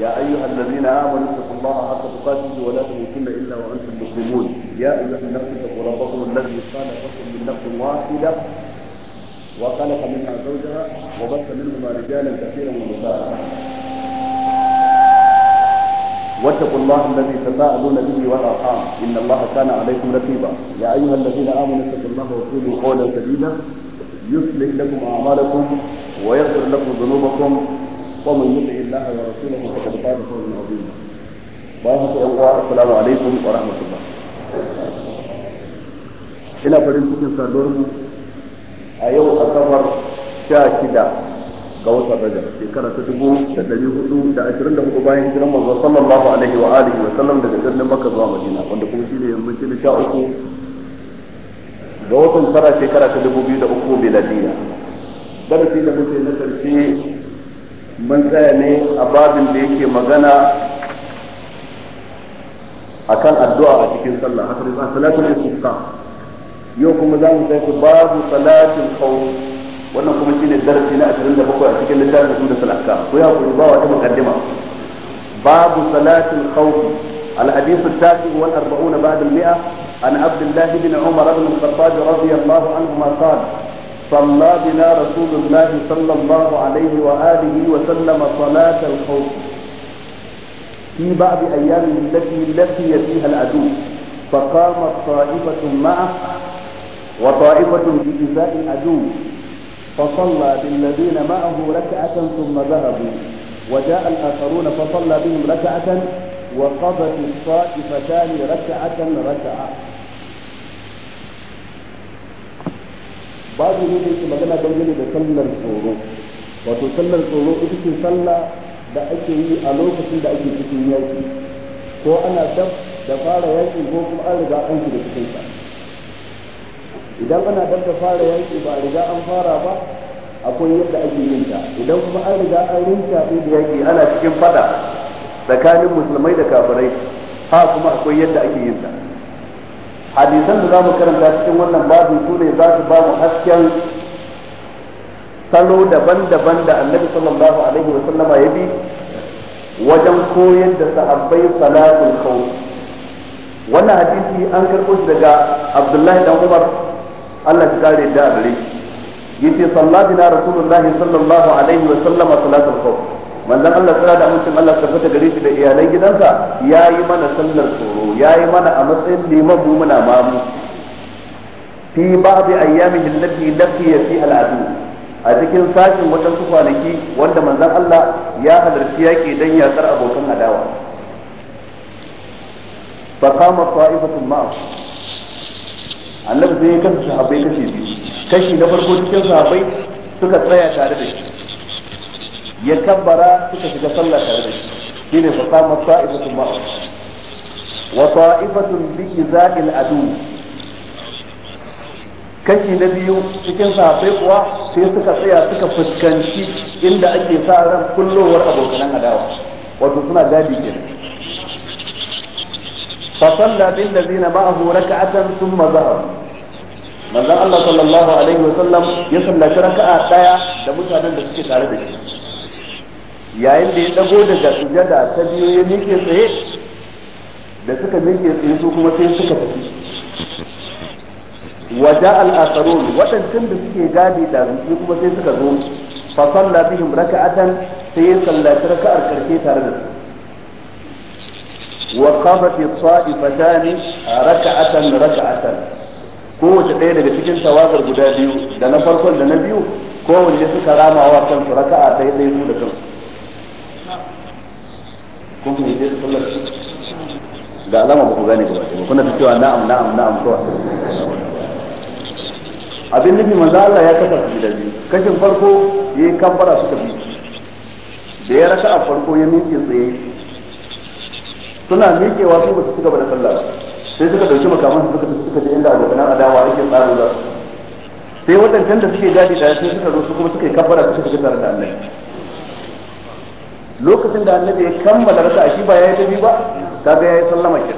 يا أيها الذين آمنوا اتقوا الله حق تقاته ولا تموتن إلا وأنتم مسلمون يا أيها الناس اتقوا ربكم الذي خلقكم من نفس واحدة وخلق منها زوجها وبث منهما رجالا كثيرا ونساء واتقوا الله الذي تساءلون به والارحام ان الله كان عليكم رقيبا يا ايها الذين امنوا اتقوا الله وقولوا قولا سديدا يصلح لكم اعمالكم ويغفر لكم ذنوبكم ومن يطع الله ورسوله فقد فاز فوزا عظيما بارك السلام عليكم ورحمه الله ina farin cikin saduwar a yau a asabar sha shida ga watan rajab shekara ta dubu da dari hudu da ashirin da hudu bayan hijiran manzon sallallahu alaihi wa alihi wa sallam daga birnin makka zuwa madina wanda kuma shine yammacin sha uku ga watan tara shekara ta dubu biyu da uku miladiya darasi da muke na karshe mun tsaya ne a babin da yake magana akan addu'a a cikin sallah haka da salatul istiqa yau kuma za mu tafi babu salatul qawm wannan kuma shine darasi na 27 a cikin littafin sunna salaka ko ya ku ba wata muqaddima babu salatul khawf الحديث التاسع والأربعون بعد المئة عن عبد الله بن عمر بن الخطاب رضي الله عنهما قال صلى بنا رسول الله صلى الله عليه وآله وسلم صلاة الخوف في بعض أيامه التي لقي فيها العدو فقامت طائفة معه وطائفة بإزاء العدو فصلى بالذين معه ركعة ثم ذهبوا وجاء الآخرون فصلى بهم ركعة وقضت الطائفتان ركعة ركعة babu ne da yake magana dangane da sallar tsoro wato sallar tsoro ita ce sallah da ake yi a lokacin da ake cikin yaki ko ana dab da fara yaki ko kuma an riga an shiga cikin sa idan ana dab da fara yaki ba riga an fara ba akwai yadda ake yin ta idan kuma an riga an rinta da yaki ana cikin faɗa tsakanin musulmai da kafirai ha kuma akwai yadda ake yin ta hadisan da za mu karanta cikin wannan babu su ne za su ba mu hasken salo daban-daban da annabi sallallahu alaihi wa sallama ya bi wajen koyar da sahabbai salatul khawf wannan hadisi an karɓo shi daga abdullahi dan umar Allah ya kare da gare yace sallallahu alaihi rasulullahi sallallahu alaihi wa sallama salatul khawf manzon Allah tsara da mutum Allah fita gare shi da iyalan gidansa ya yi mana sallar tsoro ya yi mana a matsayin liman mu muna mamu fi ba'di ayyamihi allati laqiya fi al'adu a cikin sashin waɗansu kwanaki wanda manzon Allah ya halarci yaƙi dan yatsar abokan adawa fa qama ta'ifatun ma'a annabi sai ya kasa sahabbai kashi biyu kashi na farko cikin sahabbai suka tsaya tare da shi ya kabbara suka shiga sallah tare da shi shine fa qama ta'ifatun ma'a wa ta'ifatun bi iza'il adu kashi na biyu cikin sahabbai kuwa sai suka tsaya suka fuskanci inda ake sa ran kullowar abokan adawa wato suna gadi kenan fa salla bil ladina ma'ahu raka'atan thumma zahara manzon Allah sallallahu alaihi wa sallam ya sallaci raka'a daya da mutanen da suke tare da shi yayin da ya dago daga sujada ta biyu ya miƙe tsaye da suka miƙe tsaye su kuma sai suka tafi waja al waɗancan da suke gadi da su kuma sai suka zo fa salla bihim raka'atan sai ya sallaci raka'ar karshe tare da su wa qamat as-sa'ifatan raka'atan raka'atan kowace ɗaya daga cikin tawagar guda biyu da na farkon da na biyu kowanne suka rama wa kansu raka'a ɗaya ɗaya su da kansu kun kun yi sallar ga alama ba ku gane gaba ɗaya kuna ta cewa na'am na'am na'am kawai abin nufi manzo Allah ya kasa da biyu kashin farko ya yi kambara suka bi da ya raka a farko ya miƙe tsaye suna miƙewa su ba su ci gaba da sallah sai suka dauki makaman suka suka je inda abokanan adawa ake tsaro da sai waɗancan da suke gadi da sai suka zo su kuma suka yi kambara suka shiga tare da Allah lokacin da annabi ya kammala rasa shi ba ya yi tafi ba kaga ya yi sallama ke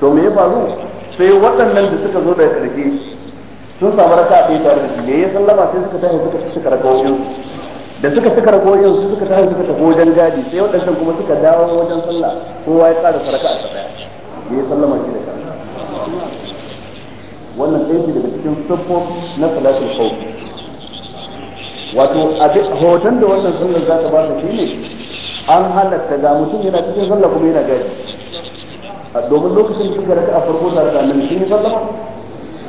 to me ya faru sai waɗannan da suka zo da ƙarfi sun samu rasa a ɗaya tare da shi ne ya sallama sai suka tafi suka suka rakawoyin da suka suka rakawoyin su suka tafi suka tafi wajen gadi sai waɗannan kuma suka dawo wajen sallah kowa ya tsara saraka a ɗaya ya yi sallama ke da kansa wannan ɗaya daga cikin sabbobi na salatul khawfi wato a duk hoton da wannan sallar za ta ba su shine an halatta ga mutum yana cikin sallah kuma yana a domin lokacin sun ga raka'a farko da ta nan sun yi sallama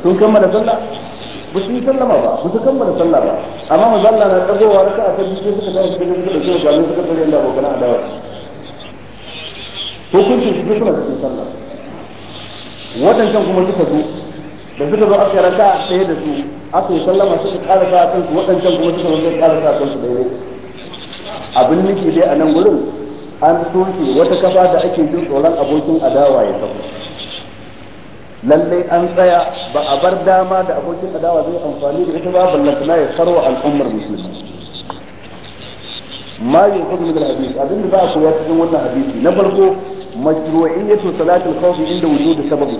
sun kammala sallah ba su yi sallama ba ba su kammala sallah ba amma mu zalla na dagowa raka'a ta biyu suka tashi cikin suka suka ga suka tsare Allah abokan adawa hukuncin su suna cikin sallah wadannan kuma suka zo da suka zo aka raka tsaye da su aka yi sallama suka ƙara sa kan su waɗancan kuma suka zo kara sa kan su daidai abin ke dai a nan gurin an toshe wata kafa da ake jin tsoron abokin adawa ya kafa lallai an tsaya ba a bar dama da abokin adawa zai amfani da ita ba tana ya sarwa al'ummar musulmi ما يؤخذ من الحديث أظن بقى قوات من الحديث نفرقه مشروعية صلاة الخوف عند وجود sababu.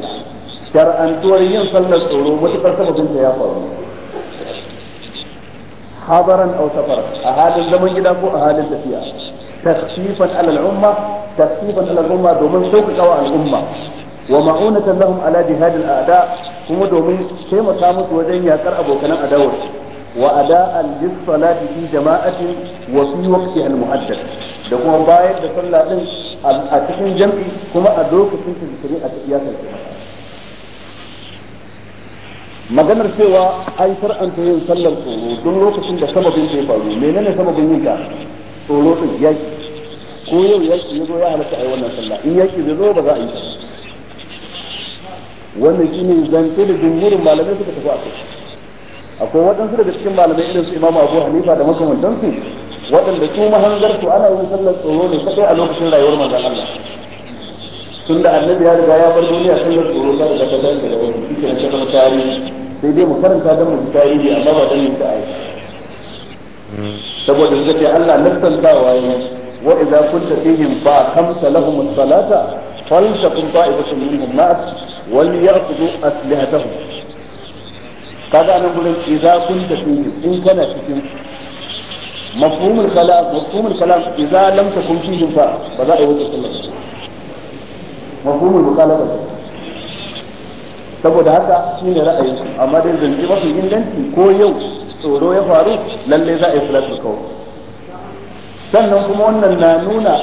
shar'antuwar yin sallar tsoro wata sababin ta ya faru habaran aw safar a halin zaman gida ko a halin tafiya tasfifan alal umma tasfifan alal umma domin sauƙaƙawa al'umma wa ma'unatan lahum ala jihadil a'da kuma domin taimaka musu wajen yakar abokanan adawar wa ada'an lis salati fi jama'atin wa fi waqti al muhaddad da kuma bayar da sallah din a cikin jam'i kuma a lokacin da shari'a ta iyakance maganar cewa an shar'anta yin sallar tsoro don lokacin da sababin ya faru menene sababin yin ka tsoro din yaki ko yau yaki ya zo ya halatta a yi wannan sallah in yaki bai zo ba za a yi wannan shine zance da jumhurin malamai suka tafi a kai akwai waɗansu daga cikin malamai irin su imamu abu hanifa da makamantansu waɗanda su mahangar su ana yin sallar tsoro ne kadai a lokacin rayuwar manzon Allah tun da annabi ya riga ya bar duniya sun bar tsoro kada ka tabbatar da wani shi ne cikin tarihi sai dai mu karanta don mu tarihi amma ba don yin ta'ayi saboda suka ce Allah nassantawa ya wa idza kunta fihim fa khamsa lahum as-salata فلتكن طائفة منهم معك وليأخذوا أسلحتهم قال أنا أقول إذا كنت فيهم إن كان فيهم مفهوم الكلام مفهوم الكلام إذا لم تكن فيهم فلا فذا هو صلى الله عليه وسلم mafhumul mukhalafa saboda haka shi ra'ayin ra'ayi amma dai zance mafi inganci ko yau tsoro ya faru lalle za a yi salatu kawai sannan kuma wannan na nuna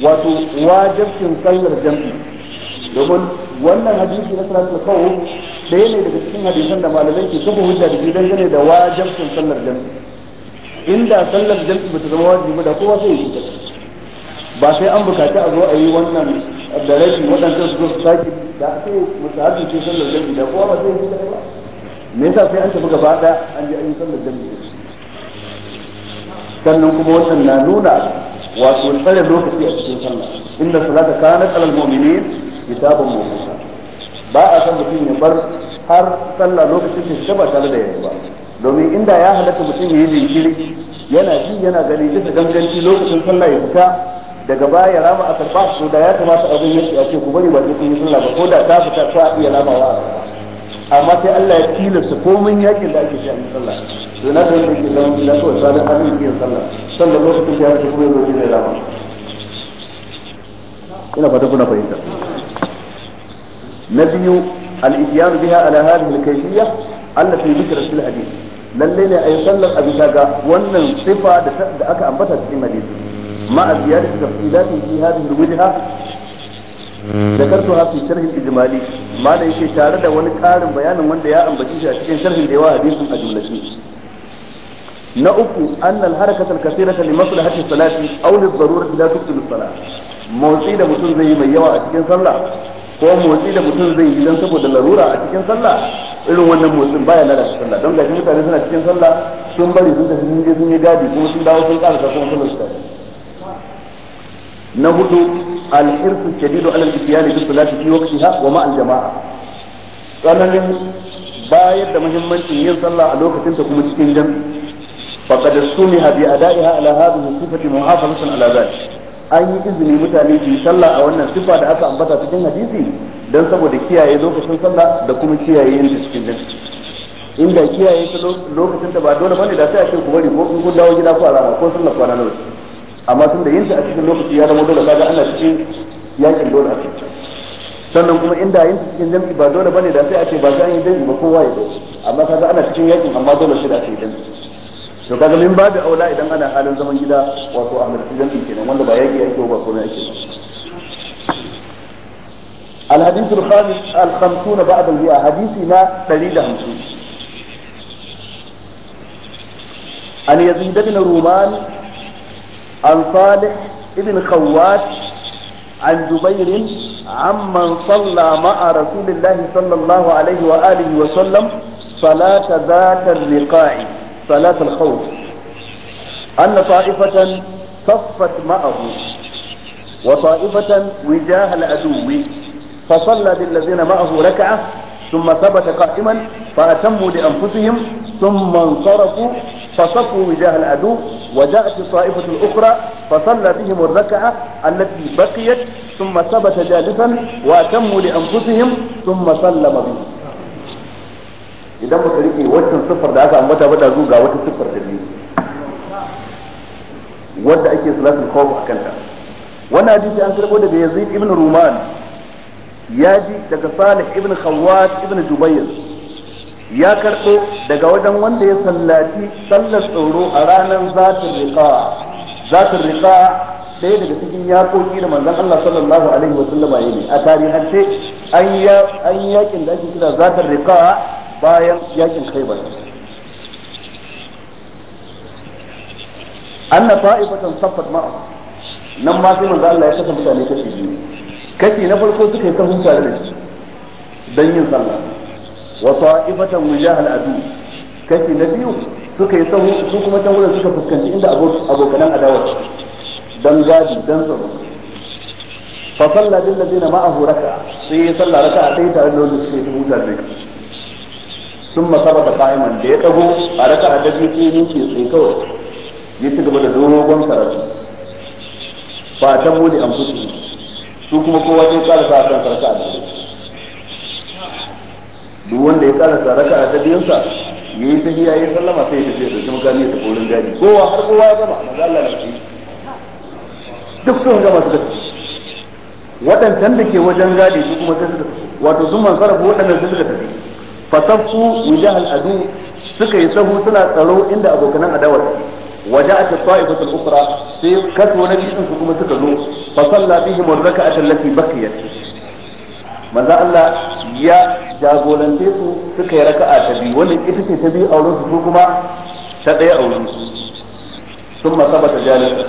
wato wajibcin sallar jam'i domin wannan hadisi na salatu kawai ɗaya ne daga cikin hadisan da malamai ke kafa hujja da gidan gane da wajibcin sallar jam'i inda sallar jam'i bata zama wajibi da kowa sai yi ba sai an bukaci a zo a yi wannan da rashi waɗanda su zo su sake da aka yi musahabi ce sallar jami'i da kowa ba zai yi da ba me yasa sai an tafi gaba ɗaya an je an yi sallar jami'i sannan kuma wannan na nuna wato tsare lokaci a cikin sallah inda salata kanat alal mu'minin kitabun mawquta ba a san mutum ya bar har sallah lokacin da ba tare da yayi ba domin inda ya halatta mutum ya yi jinkiri yana ji yana gani duka ganganci lokacin sallah ya fita daga baya ya rama a karba to da ya kamata abin ya ce ku bari ba ku sunna ba ko da ta fita ta iya wa amma sai Allah ya tilasta komai yakin da ake shi a sallah to na sai yake da na so sai abin yin sallah sallah lokacin da ya fita kuma zo da rama ina fata kuna fahimta na biyu al-ijyan biha ala hadhihi al-kayfiyya allati dhikra fil hadith lalle ne ayi sallar abisa ga wannan sifa da aka ambata cikin hadisi مع زيادة تفصيلات في هذه الوجهة ذكرتها في شرح الإجمالي ما ليس تارد ونكار بيانا من دياء بجيشة أشكين شرح الدواء حديث أجملتي نأكو أن الحركة الكثيرة لمصلحة الصلاة أو للضرورة لا تبطل الصلاة motsi da mutum zai yi mai yawa a cikin sallah ko motsi da mutum zai yi don saboda larura a cikin sallah irin wannan motsin baya lalata sallah don gashi mutane suna cikin sallah sun bari sun tafi sun je sun yi gadi kuma sun dawo sun ƙara sa kuma sallar na hudu al-hirsu shadidu ala al-isyani bi salati fi waqtiha wa ma al-jama'a tsananin bayar da muhimmancin yin sallah a lokacin ta kuma cikin jami'i faqad sumiha bi ada'iha ala hadhihi sifati muhafazatan ala zalik an yi izini mutane su yi sallah a wannan sifa da aka ambata cikin hadisi dan saboda kiyaye lokacin sallah da kuma kiyaye yin cikin jami'i inda kiyaye ta lokacin da ba dole bane da sai a ce ku bari ko in kun dawo gida ko a rana ko sallar kwana nawa amma tun da yin ta a cikin lokaci ya zama dole kaga ana cikin yakin dole a cikin sannan kuma inda yin ta cikin jam'i ba dole bane da sai a ce ba sai an yi jam'i ba kowa ya zo amma kaga ana cikin yakin amma dole shi da ake jam'i to kaga min babu aula idan ana halin zaman gida wato a mulki jam'i kenan wanda ba yaki yake ba komai yake الحديث الخامس الخمسون بعد المئة حديثنا دليل خمسون أن يزيد بن رومان عن صالح ابن خوات عن جبير عمن صلى مع رسول الله صلى الله عليه وآله وسلم صلاة ذات الرقاع صلاة الخوف أن طائفة صفت معه وطائفة وجاه العدو فصلى بالذين معه ركعة ثم ثبت قائما فاتموا لانفسهم ثم انصرفوا فصفوا وجاه العدو وجاءت الطائفه الاخرى فصلى بهم الركعه التي بقيت ثم ثبت جالسا واتموا لانفسهم ثم سلم بهم. اذا مسلمي وجه صفر ده اسال متى بدا زوجا وجه صفر تبي. وجه صلاه الخوف كانت. وانا اديت ان تقول بيزيد ابن رومان ya ji daga salih ibn khawwat ibn jubayr ya karɓo daga wajen wanda ya sallaci sallar tsoro a ranar zatin riqa zatin riqa ɗaya daga cikin yaƙoƙi da manzon Allah sallallahu wa sallama yayi a tarihance an ya an yakin da ake kira zatin riqa bayan yakin khaybar anna fa'ifatan saffat ma'a nan ma sai manzo Allah ya kasa mutane kashi biyu kashi na farko suka yi sahun tare da shi don yin sallah wa ta'ifatan mujahal adu kashi na biyu suka yi sahu su kuma ta wurin suka fuskanci inda abokanan adawa don gadi don tsaro fa salla bil ladina ma'ahu raka sai ya salla raka a sai tare da wanda suka yi sahu tare da shi sun masaba da qa'iman da ya dago a raka a dabi sai yake sai kawai ya ci gaba da dogon karatu ba ta bude an fusu su kuma kowa ya sa kan sarka da duk wanda ya sa raka'a da biyun sa yayi tafiya yayi sallama sai ya tafi da kuma gani da korin gadi kowa har kowa ya gama maza Allah ya ce duk sun gama su tafi waɗancan da ke wajen gadi su kuma sai suka tafi wato sun man sarrafa waɗannan su suka tafi Fasafu, wujahal adu suka yi sahu suna tsaro inda abokanan adawar suke وجاءت الطائفة الأخرى في كسر نبي سكما سكزو فصلى بهم الركعة التي بقيت ماذا قال الله يا جاغولان تيسو سكي ركعة تبي ولن إتسي تبي أو لن سكما تبي أو لن ثم ثبت جالسا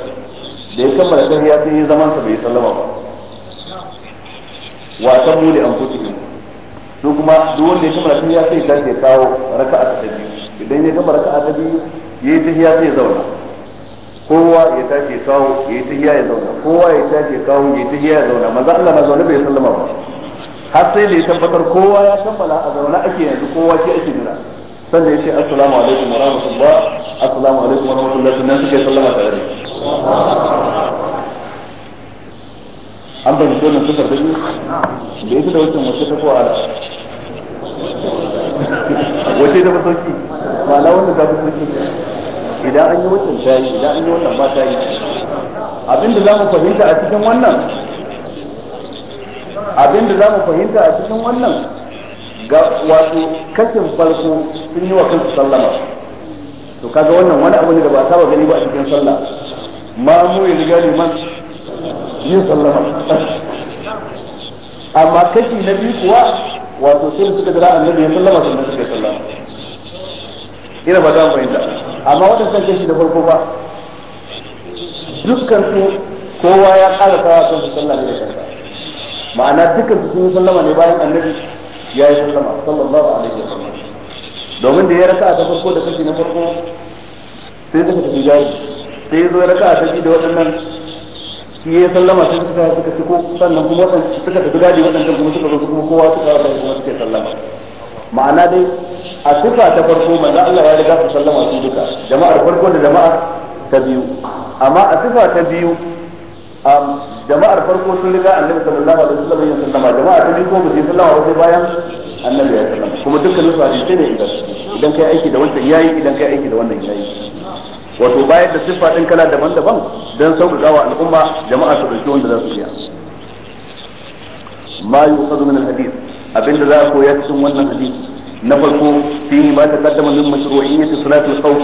ليكمل تهياته زمان سبي صلى الله عليه وسلم وأتموا لأنفسهم su kuma duk wanda ya kammala sun ya sai ta kawo raka'a ta biyu idan ya gama raka'a ta biyu yayi tahiyya sai ya zauna kowa ya tashi kawo ya yi tahiya ya zauna kowa ya tashi kawo ya yi tahiya ya zauna manzo Allah na zaune bai sallama ba har sai da ya tabbatar kowa ya kammala a zauna ake yanzu kowa shi ake jira sannan ya ce assalamu alaikum wa rahmatullah assalamu alaikum wa rahmatullah sannan suka sallama tare da an ba mutum nan sufar da da ita da wancan wacce ta kowa ala wacce da masauki ma'ana wannan ta kuma ce idan an yi wannan ta yi idan an yi wannan ba ta yi abinda za mu fahimta a cikin wannan abinda za mu fahimta a cikin wannan ga wato kashin farko sun yi wa kansu sallama to kaga wannan wani abu ne da ba saba gani ba a cikin sallah ma mu yi riga man yin sallama amma kashi na biyu kuwa wato sai suka jira annabi ya sallama sannan suka sallama ina ba za mu fahimta amma waɗancan kashi da farko ba dukkan su kowa ya kara sawa kan su sallah ne da ma'ana dukkan su sun yi sallama ne bayan annabi ya yi sallama sallallahu alaihi wa sallam domin da ya raka ta farko da kashi na farko sai suka tafi jari sai ya zo ya raka ta biyu da waɗannan shi ya sallama sai suka suka ciko sannan kuma waɗannan suka tafi gadi waɗannan kuma suka zo kuma kowa suka rasa kuma sallama ma'ana dai a sifa ta farko manzo Allah ya riga su sallama su duka jama'ar farko da jama'ar ta biyu amma a sifa ta biyu jama'ar farko sun riga annabi sallallahu alaihi wasallam ya sallama jama'ar ta biyu ko ba su sallama ba sai bayan annabi ya sallama kuma dukkanin su hadisi ne idan idan kai aiki da wannan yayi idan kai aiki da wannan yayi wato bayar da siffa din kala daban-daban dan sauƙaƙawa al'umma jama'a su dauki wanda za su iya ma yuqadu min al-hadith abinda za a koya cikin wannan hadisi na farko fi ma taqaddama min mashru'iyyati salatul khawf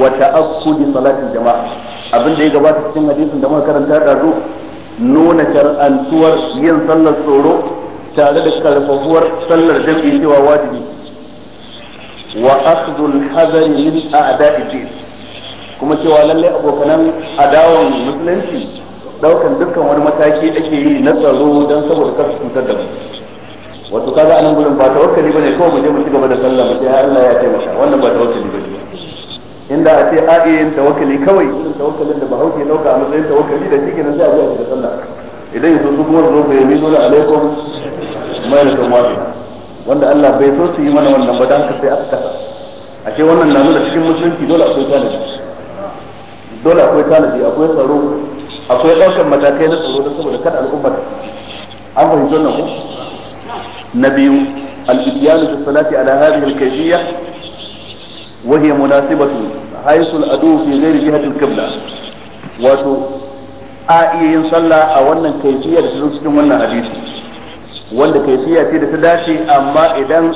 wa ta'akkudi salatul jama'a abin da ya gabata cikin hadisin da muka karanta da zo nuna shar'antuwar yin sallar tsoro tare da karfafuwar sallar jami'i cewa wajibi wa akhdhul hadari min a'da'i din kuma cewa lalle abokanan adawan musulunci daukan dukkan wani mataki ake yi na tsaro don saboda kar su cutar da mu wato kaga anan gurin ba tawakkali bane kawai mu je mu cigaba da sallah mu ce ya Allah ya taimaka wannan ba tawakkali bane inda a ce a yin tawakkali kawai irin tawakkalin da bahaushe dauka a matsayin tawakkali da cikin sai a je a sallah idan yanzu su kuma zo bai mizo na alaikum da wahida wanda Allah bai so su yi mana wannan ba dan ka sai aka kasa ce wannan na nuna cikin musulunci dole akwai tanadi dole akwai tanadi akwai tsaro akwai daukar matakai na tsaro da saboda kada al'umma an fahimci wannan ko نبي الاتيان في الصلاة على هذه الكيفية وهي مناسبة حيث الأدو في غير جهة القبلة وتو آئي صلى أو كيفية تسلسل وأن حديث wanda kaifiya ce da ta dace amma idan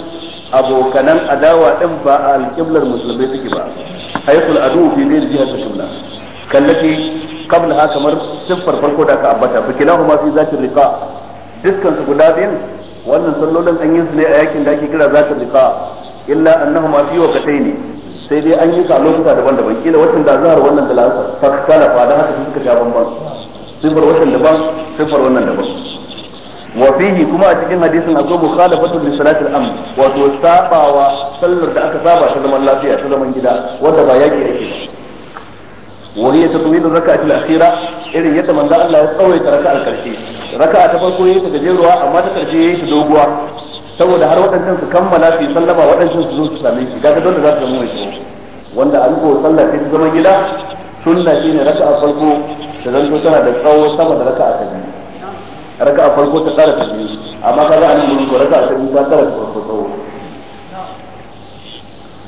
abokanan adawa din ba a alƙiblar musulmai suke ba haiful adu fi ne jiha ta kimla kallaki qabla ha kamar siffar farko da ka ambata fa kilahuma fi zati liqa dukkan su guda biyun wannan sallolin an yi su ne a yakin da ake kira za ta liqa illa annahum fi waqtayn sai dai an yi su a lokuta daban-daban kila watan da zahar wannan da la'asar fakhtalafa da haka suka sha bamban sifar watan daban sifar wannan daban wa fihi kuma a cikin hadisin akwai mukhalafatu li salati al-amn wato sabawa sallar da aka saba ta zaman lafiya ta zaman gida wanda ba yaki ake ba Wani ya wa hiya zaka rak'ati al-akhira irin yadda manzo Allah ya tsawaita raka'ar karshe raka'a ta farko yayi ta gajeruwa amma ta karshe yayi ta doguwa saboda har waɗancan su kammala su sallama waɗancan su zo su same shi kaga dole za su zama mai shi wanda an ko sallah ta zama gida sunna shine raka'a farko ta zanto tana da tsawo sama da raka'a ta biyu raka'a farko ta tsara ta biyu amma kaga anan mun ko raka'a ta biyu ta tsara ta farko tsawo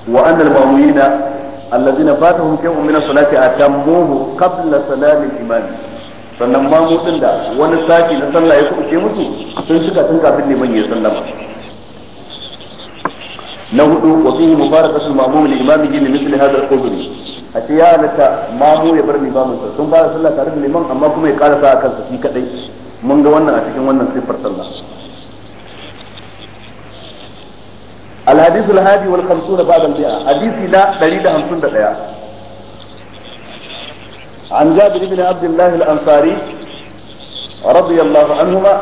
wa annal ma'mumina الذين فاتهم شيء من الصلاة أتموه قبل سلام الإمام sannan ma mu da wani saki na sallah ya kuɓuce musu sun shiga tun kafin neman ya sallama na hudu wa fihi mubarakatu ma'mum li imamihi li mithli hadha al-qudri a ce ya halatta mamu ya bar limamin sa sun fara sallah tare da liman amma kuma ya karasa a kansa shi kadai mun ga wannan a cikin wannan sifar sallah الحديث الهادي والخمسون بعد المئة حديث لا دليل خمسون دقيقة عن جابر بن عبد الله الأنصاري رضي الله عنهما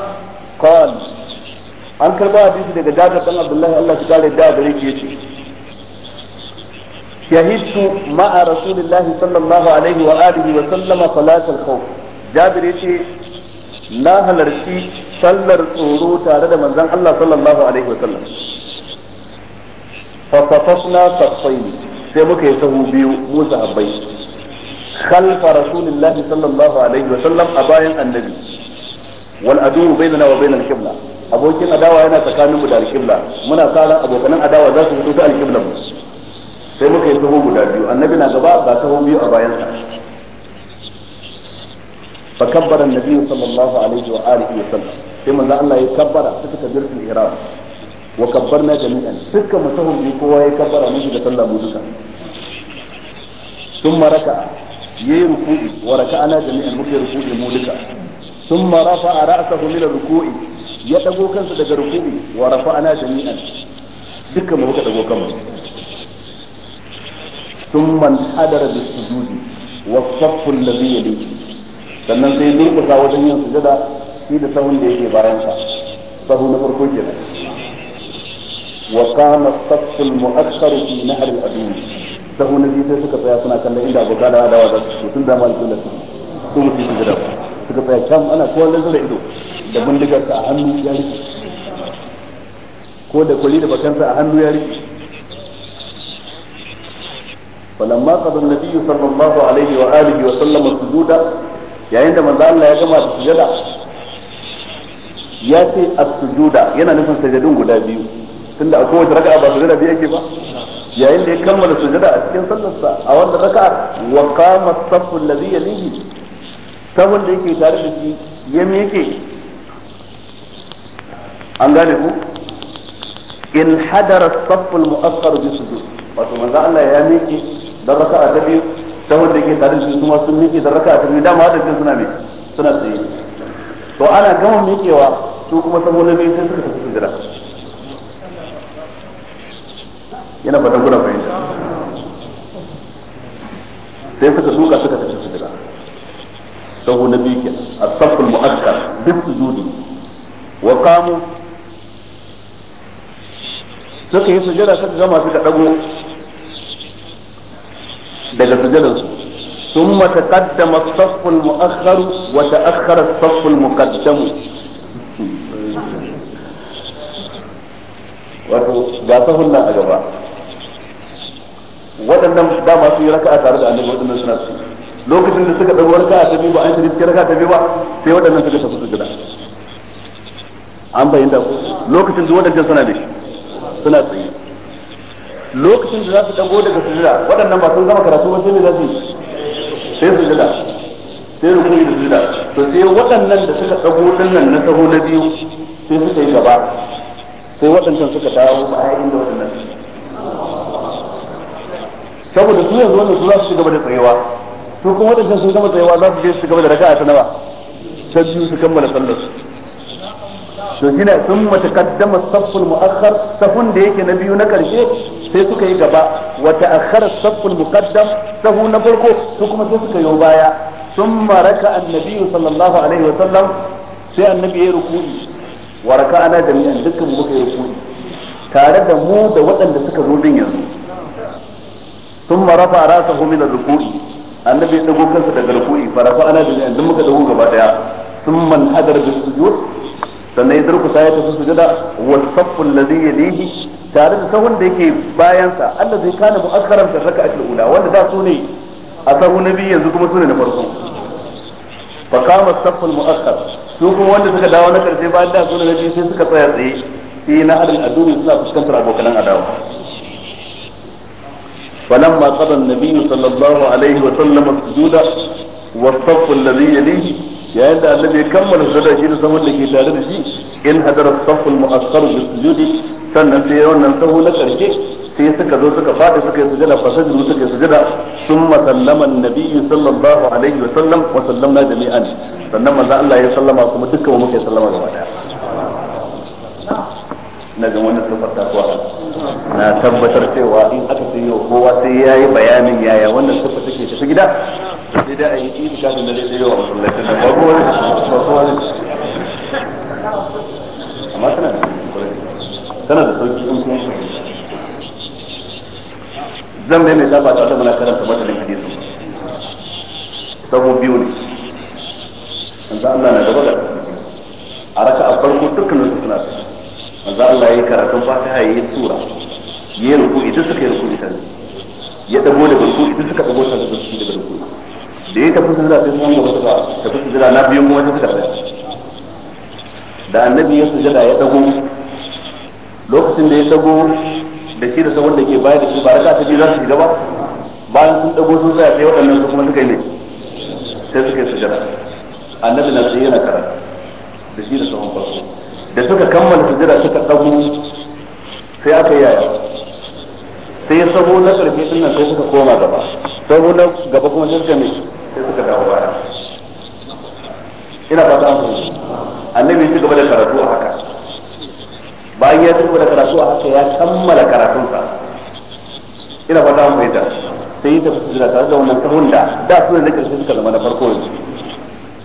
قال an karba hadisi daga jabir dan abdullahi Allah ya kare da gare shi yace shahidtu ma'a rasulillah sallallahu alaihi wa alihi wa sallama salatul khawf jabir yace na halarci sallar tsoro tare da manzon Allah sallallahu alaihi wa sallam fa fasafna safaini sai muka yi sahu biyu musa abai. khalfa rasulillah sallallahu alaihi wa sallam a bayan annabi wal adu bainana wa bainal qibla abokin adawa yana tsakaninmu da alqibla muna kara abokanan adawa za su fito sai muka yi taho guda biyu annabi na gaba ga taho biyu a bayan sa fa kabbara annabi sallallahu alaihi wa alihi wa sallam sai manzo Allah ya kabbara ta takbiratul ihram wa kabbarna jami'an duka mutahum biyu kowa ya kabbara mun shiga sallah mu duka ثم maraka. yayi ruku'i wa raka'ana jami'an muke ruku'i mu duka thumma rafa'a ra'sahu min ruku'i ya dago kansa daga ruku'i wa rafa'ana jami'an dukkan mu muka dago kanmu thumma hadara bis-sujudi wa saffu alladhi yadi sannan sai durƙusa wajen yin sujada shi da sahun da yake bayan sa sahu na farko kenan wa kana saffu al-mu'akhkharu fi nahr al-adun sahu na biyu sai suka tsaya suna kallon inda abokan da adawa da su sun da alƙulla su su mutu su gida suka tsaya can ana kowa da ido da bindigarsa a hannu ya rike ko da kuli da bakansa a hannu ya rike فلما قضى النبي صلى الله عليه واله وسلم السجود يا عندما الله يا جماعه السجده ya ce as-sujuda yana nufin sajadun guda biyu tunda a kowace raka'a ba sujada biyu yake ba yayin da ya kammala sujada a cikin sallarsa a wanda raka wa qama as-saffu alladhi yalihi sabon da yake tare da shi ya miƙe an gane ku in hadara as-saffu al-mu'akhkhar bi sujud wato manzo Allah ya miƙe dan raka'a ta biyu sabon da yake tare da shi kuma sun miƙe dan raka'a ta biyu dama da suna me suna tsaye to ana gama miƙewa su kuma sabon da biyu sai suka tafi sujada yana fatan kuna fahimta sai suka suka suka tafi sujada sahu na biyu kenan as-saffu al-mu'akkar duk sujudi wa qamu suka yi sujada suka gama suka dago daga sujadar su ثم تقدم الصف المؤخر وتأخر الصف المقدم wato ga sahun nan a gaba waɗannan dama su yi raka'a tare da annabi waɗannan suna su lokacin da suka ɗago raka'a ta biyu ba an shirya cikin raka'a ta biyu ba sai waɗannan suka tafi sujada an bayyana ku lokacin da waɗannan suna ne suna tsaye lokacin da za su ɗago daga sujada waɗannan ba sun gama karatu ba sai ne za su yi. sai sujada sai yi da sujada to sai waɗannan da suka ɗago ɗannan na taho na biyu sai suka yi gaba sai waɗannan suka dawo ba a inda waɗannan saboda su yanzu wannan su za su shiga da tsayewa su kuma wadannan sun gama tsayewa za su je su gaba da raka'a ta nawa ta biyu su kammala sallar su to shine sun mataqaddama saful muakhkhar safun da yake na biyu na karshe sai suka yi gaba wa ta'akhkhara saful muqaddam sahu na farko su kuma sai suka yi baya sun maraka النبي صلى الله عليه وسلم sai annabi ya ruku'i wa raka'ana jami'an dukkan muka yi ruku'i tare da mu da waɗanda suka zo din yanzu sun marafa rasa min ruku'i annabi ya dago kansa daga ruku'i farafa ana da yanzu muka dago gaba daya sun man hadar da sujud sannan ya durkusa ya tafi sujada wal saffu alladhi yalihi tare da sahun da yake bayan sa allazi kana mu'akkaran fi raka'atil ula wanda da su ne a sahu na biyu yanzu kuma su ne na farko fa kama as-saffu al-mu'akkar su kuma wanda suka dawo na karshe bayan da su ne na biyu sai suka tsaya tsaye sai na hadal aduni suna fuskantar abokan adawa فلما قضى النبي صلى الله عليه وسلم السجود والصف الذي يليه يا عند الذي كمل السجود شيء سوى لكي تعرف شيء إن هدر الصف المؤخر بالسجود سننتهي وننتهي لك الشيء في سكة دو سكة فاتح سكة سجدة فسجد سكة سجدة ثم سلم النبي صلى الله عليه وسلم وسلمنا جميعا سلم ذا الله يسلم عليكم تكوا ومكي سلم عليكم نجم ونسلم فتاة واحد na tabbatar cewa in aka sai yau kowa sai ya yi bayanin yaya wannan sufa take tafi gida sai da a yi ƙi da da zai wa masallacin da babu wani babu wani amma tana da tana da sauƙi in su zan mai mai ba tare da muna karanta madalin hadisi sabo biyu ne a na gaba da a raka a farko dukkanin manzo Allah yayi karatun fatiha yayi sura yayi ruku idan suka yi ruku idan ya dago da ruku idan suka dago ta daga ruku da ruku da ya tafi sujada sai mun gaba ta tafi sujada na biyu mu wajen suka tsaya da annabi ya sujada ya dago lokacin da ya dago da shi da sabon da ke bayar da shi ba raka ta biyu za su shiga ba bayan sun dago sun tsaya sai waɗannan su kuma suka yi ne sai suka yi sujada annabi na sai yana karatu da shi da sabon farko da suka kammala sujjada suka dago sai aka yi yaya sai sabo na karfe din nan sai suka koma gaba sabo na gaba kuma sai suka mai sai suka dawo baya ina fata an annabi ya ci gaba da karatu a haka bayan ya ci gaba da karatu a haka ya kammala karatunsa ina fata an fahimta sai ya tafi sujjada tare da wannan sahun da da su ne na karshe suka zama na farko yanzu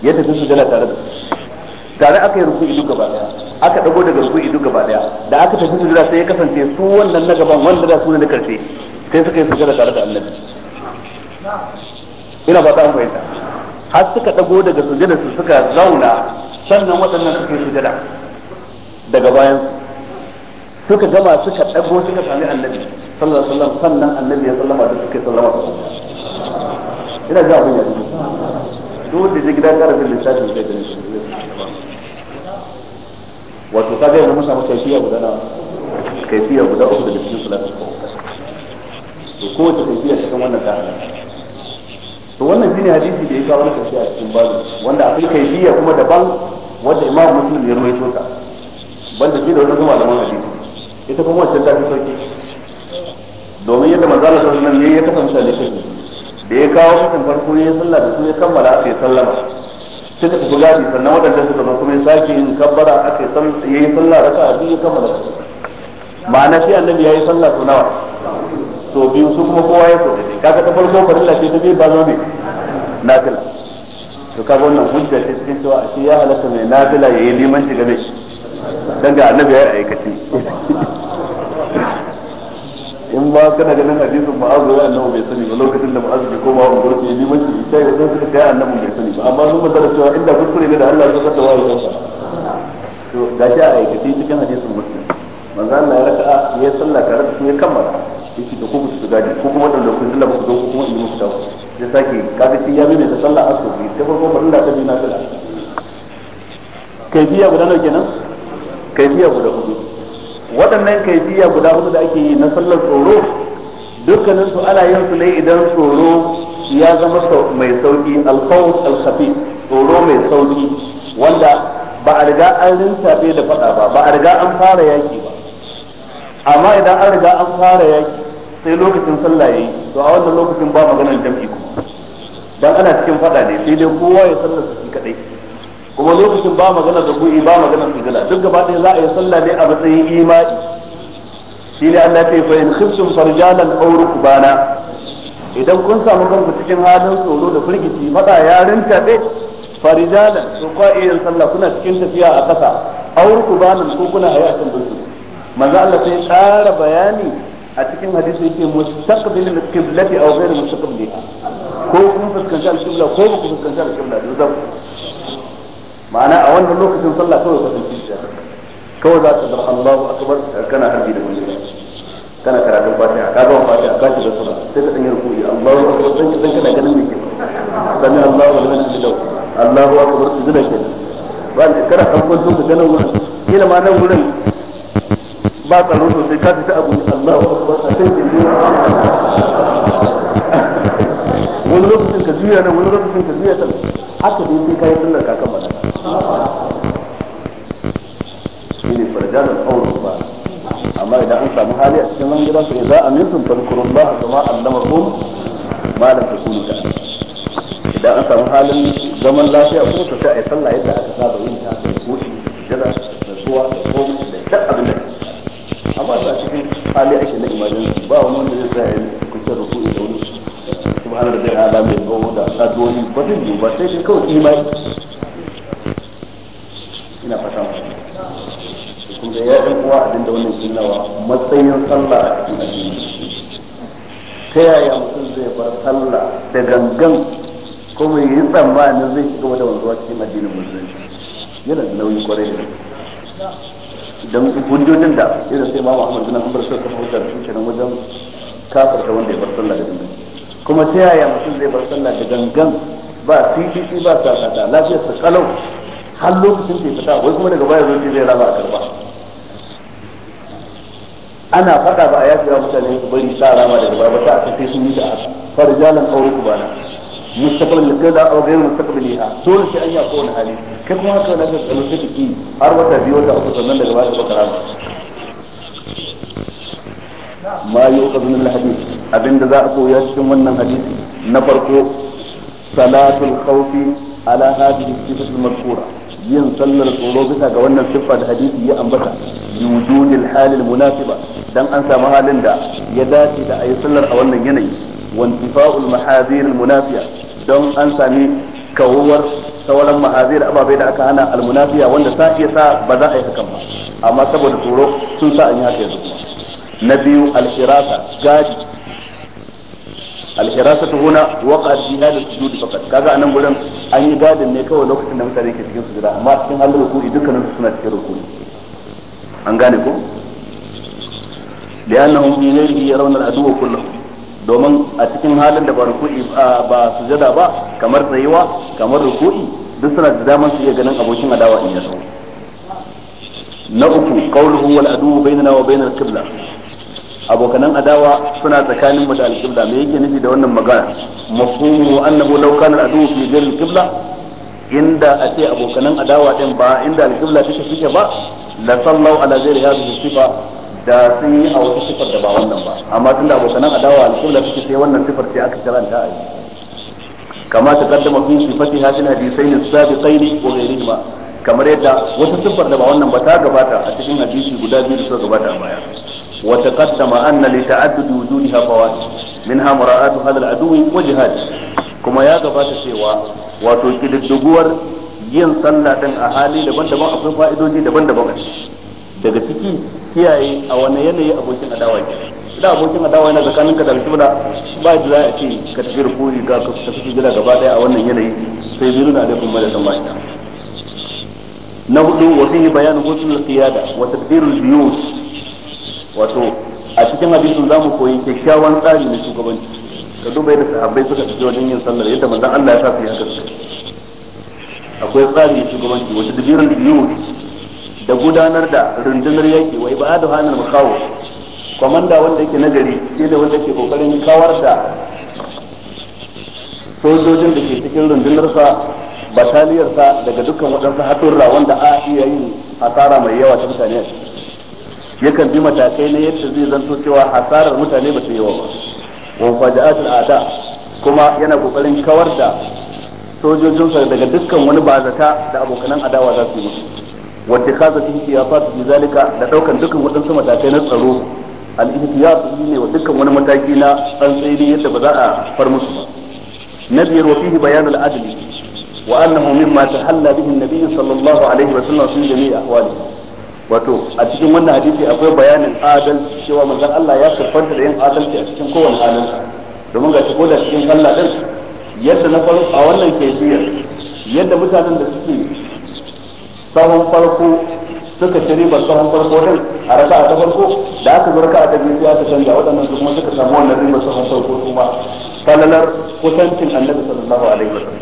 ya tafi sujjada tare da su tare aka yi ruku'i idu gaba daya aka dago daga ruku'i idu gaba daya da aka tafi sujada sai ya kasance su wannan na gaban wanda da su ne na karshe sai suka yi sujada tare da annabi ina ba ta an fahimta har suka dago daga sujada su suka zauna sannan waɗannan suka yi sujada daga bayan suka gama suka dago suka sami annabi sallallahu alaihi wasallam sannan annabi ya sallama da suka sallama ina ga abin yanzu dole je gidan karafin lissafin zai gani su wato ka zai musa masa kaifiya guda na kaifiya guda uku da ko ta kaifiya cikin da to wannan shine hadisi da ya kawo wani a cikin babu wanda akwai kaifiya kuma daban wanda muslim ya ruwaito ta banda shi da wani kuma malaman hadisi ita kuma wancan ta fi sauki domin yadda manzo sallallahu alaihi ne ya kasance a shi da ya kawo mutum farko ya sallah da su ya kammala aka yi sallama da kuka gafi sannan waɗanda suka zama kuma ya sake yin kabbara aka yi yi sallah raka ka'a biyu ya kammala ma'ana shi annabi ya yi sallah su nawa to biyu su kuma kowa ya sauke kaga ta farko farilla ce ta biyu ba zo ne nafila to kaga wannan hujja ce cikin cewa a shi ya halatta mai nafila ya yi shiga game dan ga annabi ya yi aikaci in ba kana ganin hadisin ba azu annabu bai sani ba lokacin da ma'azu ke koma wa gurbi ni mace ita ya zai suka kai annabi bai sani ba amma sun ba da cewa inda kuskure ne da Allah ya saka wa ya to ga shi a aikace cikin hadisin muslim manzo Allah ya raka ya sallah tare da su ya kammala yake da ku su gadi ko kuma da lokacin da ku zo ku kuma in muku tawo ya sake kaga shi ya bi mai sallah bi ta farko ba da ta bi na kai biya guda nawa kenan kai biya guda hudu waɗannan kaifiya guda hudu da ake yi na sallar tsoro dukkanin su ana yin su ne idan tsoro ya zama mai sauki alkhawf alkhafi tsoro mai sauki wanda ba a riga an rintabe da faɗa ba ba a riga an fara yaki ba amma idan an riga an fara yaki sai lokacin sallah yayi to a wannan lokacin ba maganar jam'i kuma dan ana cikin faɗa ne sai dai kowa ya sallar su kadai kuma lokacin ba magana da ku'i ba magana sujada duk gaba ɗaya za a yi sallah ne a matsayin imani shi ne Allah ce fa in khiftum farjalan aw rukbana idan kun samu kanku cikin halin tsoro da firgici fada ya rinka dai farjalan to kwa iya sallah kuna cikin tafiya a ƙasa aw rukbanan ko kuna a yakin dutse manzo Allah sai tsara bayani a cikin hadisi yake mustaqbilil qiblati aw ghayr mustaqbiliha ko kun fuskanci al-qibla ko ba ku fuskanci al-qibla da ma'ana a wannan lokacin sallah kawai ka tafi ta kawai za ka zara Allahu akbar kana harbi da wani kana karatun fatiha ka gama fatiha ka ci da sura sai ka danyar koyi Allahu akbar dan ki dan kana ganin me ke sami Allahu liman hamidahu Allahu akbar su zina ke ba ne kana farkon su ga nan wurin kila ma nan wurin ba tsaro sosai ka fita abu Allahu akbar a kan kin wani lokacin ka juya nan wani lokacin ka juya nan haka dai sai ka yi sallar kakan malaka shine farjalar aure ba amma idan an samu hali a cikin wani za idza amintum fadhkurun Allah kama allamakum ma lam takunu ta idan an samu halin zaman lafiya ko to sai ai sallah yadda aka saba yin ta da koshi jira da suwa da komai da duk abin da amma a cikin hali ake na emergency ba wani wanda zai tsaya ya kusa ruku'i wani da da ba zai yi ba sai kawai imani ina fata mu kun ga ya kuwa uwa abinda wannan ke matsayin sallah a cikin addini ta yaya mutum zai bar sallah da gangan ko mai yi tsammanin zai shiga wata wanzuwa cikin addinin musulunci yana da nauyi kwarai da don hujjojin da irin sai mamu ahmad bin hanbal sai kafa hujjar su kenan wajen da wanda ya bar sallah da gangan kuma ta yaya mutum zai bar sallah da gangan ba cdc ba sa kada lafiyar sa kalau har lokacin da ya fita wai kuma daga baya zai zai raba a karba ana faɗa ba a yafi wa mutane su bari sa rama daga baya ba ta aka sai sun yi da farjalan aure ku bana mustaqbal da kai aure aw mustaqbali ha dole sai an yi ko wani hali kai kuma haka wannan tsaro ta ki har wata biyu wata uku sannan daga baya ka rama ma yuqad min al-hadith abinda za a koya cikin wannan hadisi na farko salatul khawfi ala hadhihi sifat al-mazkura yin sallar tsoro bisa ga wannan siffa da hadisi ya ambata yujudil halil munasiba dan an samu halin da ya dace da ayi sallar a wannan yanayi wantifa'ul mahaziril munafiya don an sami kawuwar sauran mahazir ababe da aka hana almunafiya wanda sa iya sa ba za a yi hakan ba amma saboda tsoro sun sa an yi haka yanzu na biyu al-irasa gadi al ta huna waqa fi hada sujud faqat kaga anan gurin an yi gadin ne kawai lokacin da mutane ke cikin sujud amma cikin halin ruku'i dukkanin su suna cikin ruku'i an gane ko li'annahum fi ghairihi yarawna al-aduwa kullahu domin a cikin halin da ba ruku'i ba sujada ba kamar tsayuwa kamar ruku'i duk suna da damar su iya ganin abokin adawa in ya na uku qawluhu wal aduwa bainana wa bainal qibla abokanan adawa suna tsakanin mu da alƙibla me yake nufi da wannan magana mafhumu annahu law kana adu fi ghayr alqibla inda a ce abokanan adawa din ba inda alqibla take suke ba la sallu ala ghayri hadhihi sifa da sun yi a wata sifar da ba wannan ba amma tunda abokanan adawa alqibla take sai wannan sifar ce aka karanta a yi kama kaddama fi sifati hadhihi alhadithain as-sabiqain wa ghayrihima kamar yadda wata sifar da ba wannan ba ta gabata a cikin hadisi guda biyu da suka gabata a baya وتقدم أن لتعدد وجودها فوائد منها مراعاة هذا العدو وجهاد كما يا gabata cewa wato kididduguwar yin sallah din a hali daban-daban akwai fa'idoji daban-daban daga ciki kiyaye a wani yanayi abokin adawa ke idan abokin adawa yana tsakanin ka da alƙibla ba da za a ce ka tafi rukuni ga ka tafi gida gaba daya a wannan yanayi sai biyu na alaikun ma da san na hudu wa fihi bayan husnul qiyada wata tadbirul biyu. wato a cikin hadisin mu koyi kyakkyawan tsari na shugabanci ka duba yadda sahabbai suka tafi wajen yin sallar yadda manzon Allah ya sa su yi haka akwai tsari na shugabanci wata dabirar biyu da gudanar da rundunar yaki wa ibadu hanar makawo kwamanda wanda yake nagari sai da wanda yake kokarin kawar da sojojin da ke cikin rundunarsa bataliyarsa daga dukkan waɗansu haɗurra wanda a iya yin hasara mai yawa ta mutane yakan bi matakai na yadda zai zanto cewa hasarar mutane ba su yawa ba wa faja'atul a'da kuma yana kokarin kawar da sojojinsa daga dukkan wani bazata da abokanan adawa za su yi musu wa tikhazatihi siyasat bi zalika da daukan dukkan wadansu matakai na tsaro al-ihtiyat ne wa dukkan wani mataki na tsantsani yadda ba za a far musu ba na biyar wa fihi bayan al-adli wa annahu mimma tahalla bihi an-nabiy sallallahu alaihi wa sallam fi jami'i ahwalihi wato a cikin wannan hadisi akwai bayanin adalci cewa manzon Allah ya siffanta da yin adalci a cikin kowane adalci domin ga ko da cikin Allah din yadda na faru a wannan kaifiyar yadda mutanen da suke tsawon farko suka ci ribar tsawon farko din a rasa ta farko da aka zo raka'a ta biyu aka canza waɗannan su kuma suka samu wannan ribar tsawon farko kuma falalar kusancin annabi sallallahu alaihi wasallam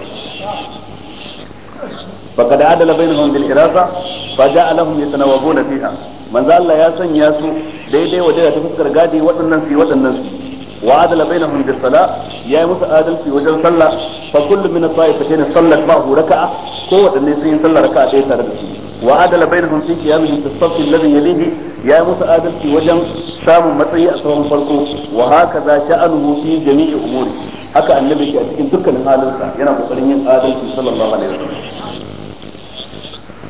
فقد عدل بينهم بالإرادة فجاء لهم يتناوبون فيها من ذا الله ياسن ياسو دي دي ودي تفكر قادي ننسي في ننسي وعدل بينهم بالصلاة يا موسى آدم في وجه صلى فكل من الطائفتين صلت معه ركعة قوة النسيين صلى ركعة دي وعدل بينهم في قيامهم الصف الذي يليه يا موسى آدم في وجه سام مطيئ سوى فرقه وهكذا شأنه في جميع أموره أكا النبي ke a هذا dukkanin halinsa yana kokarin yin adalci sallallahu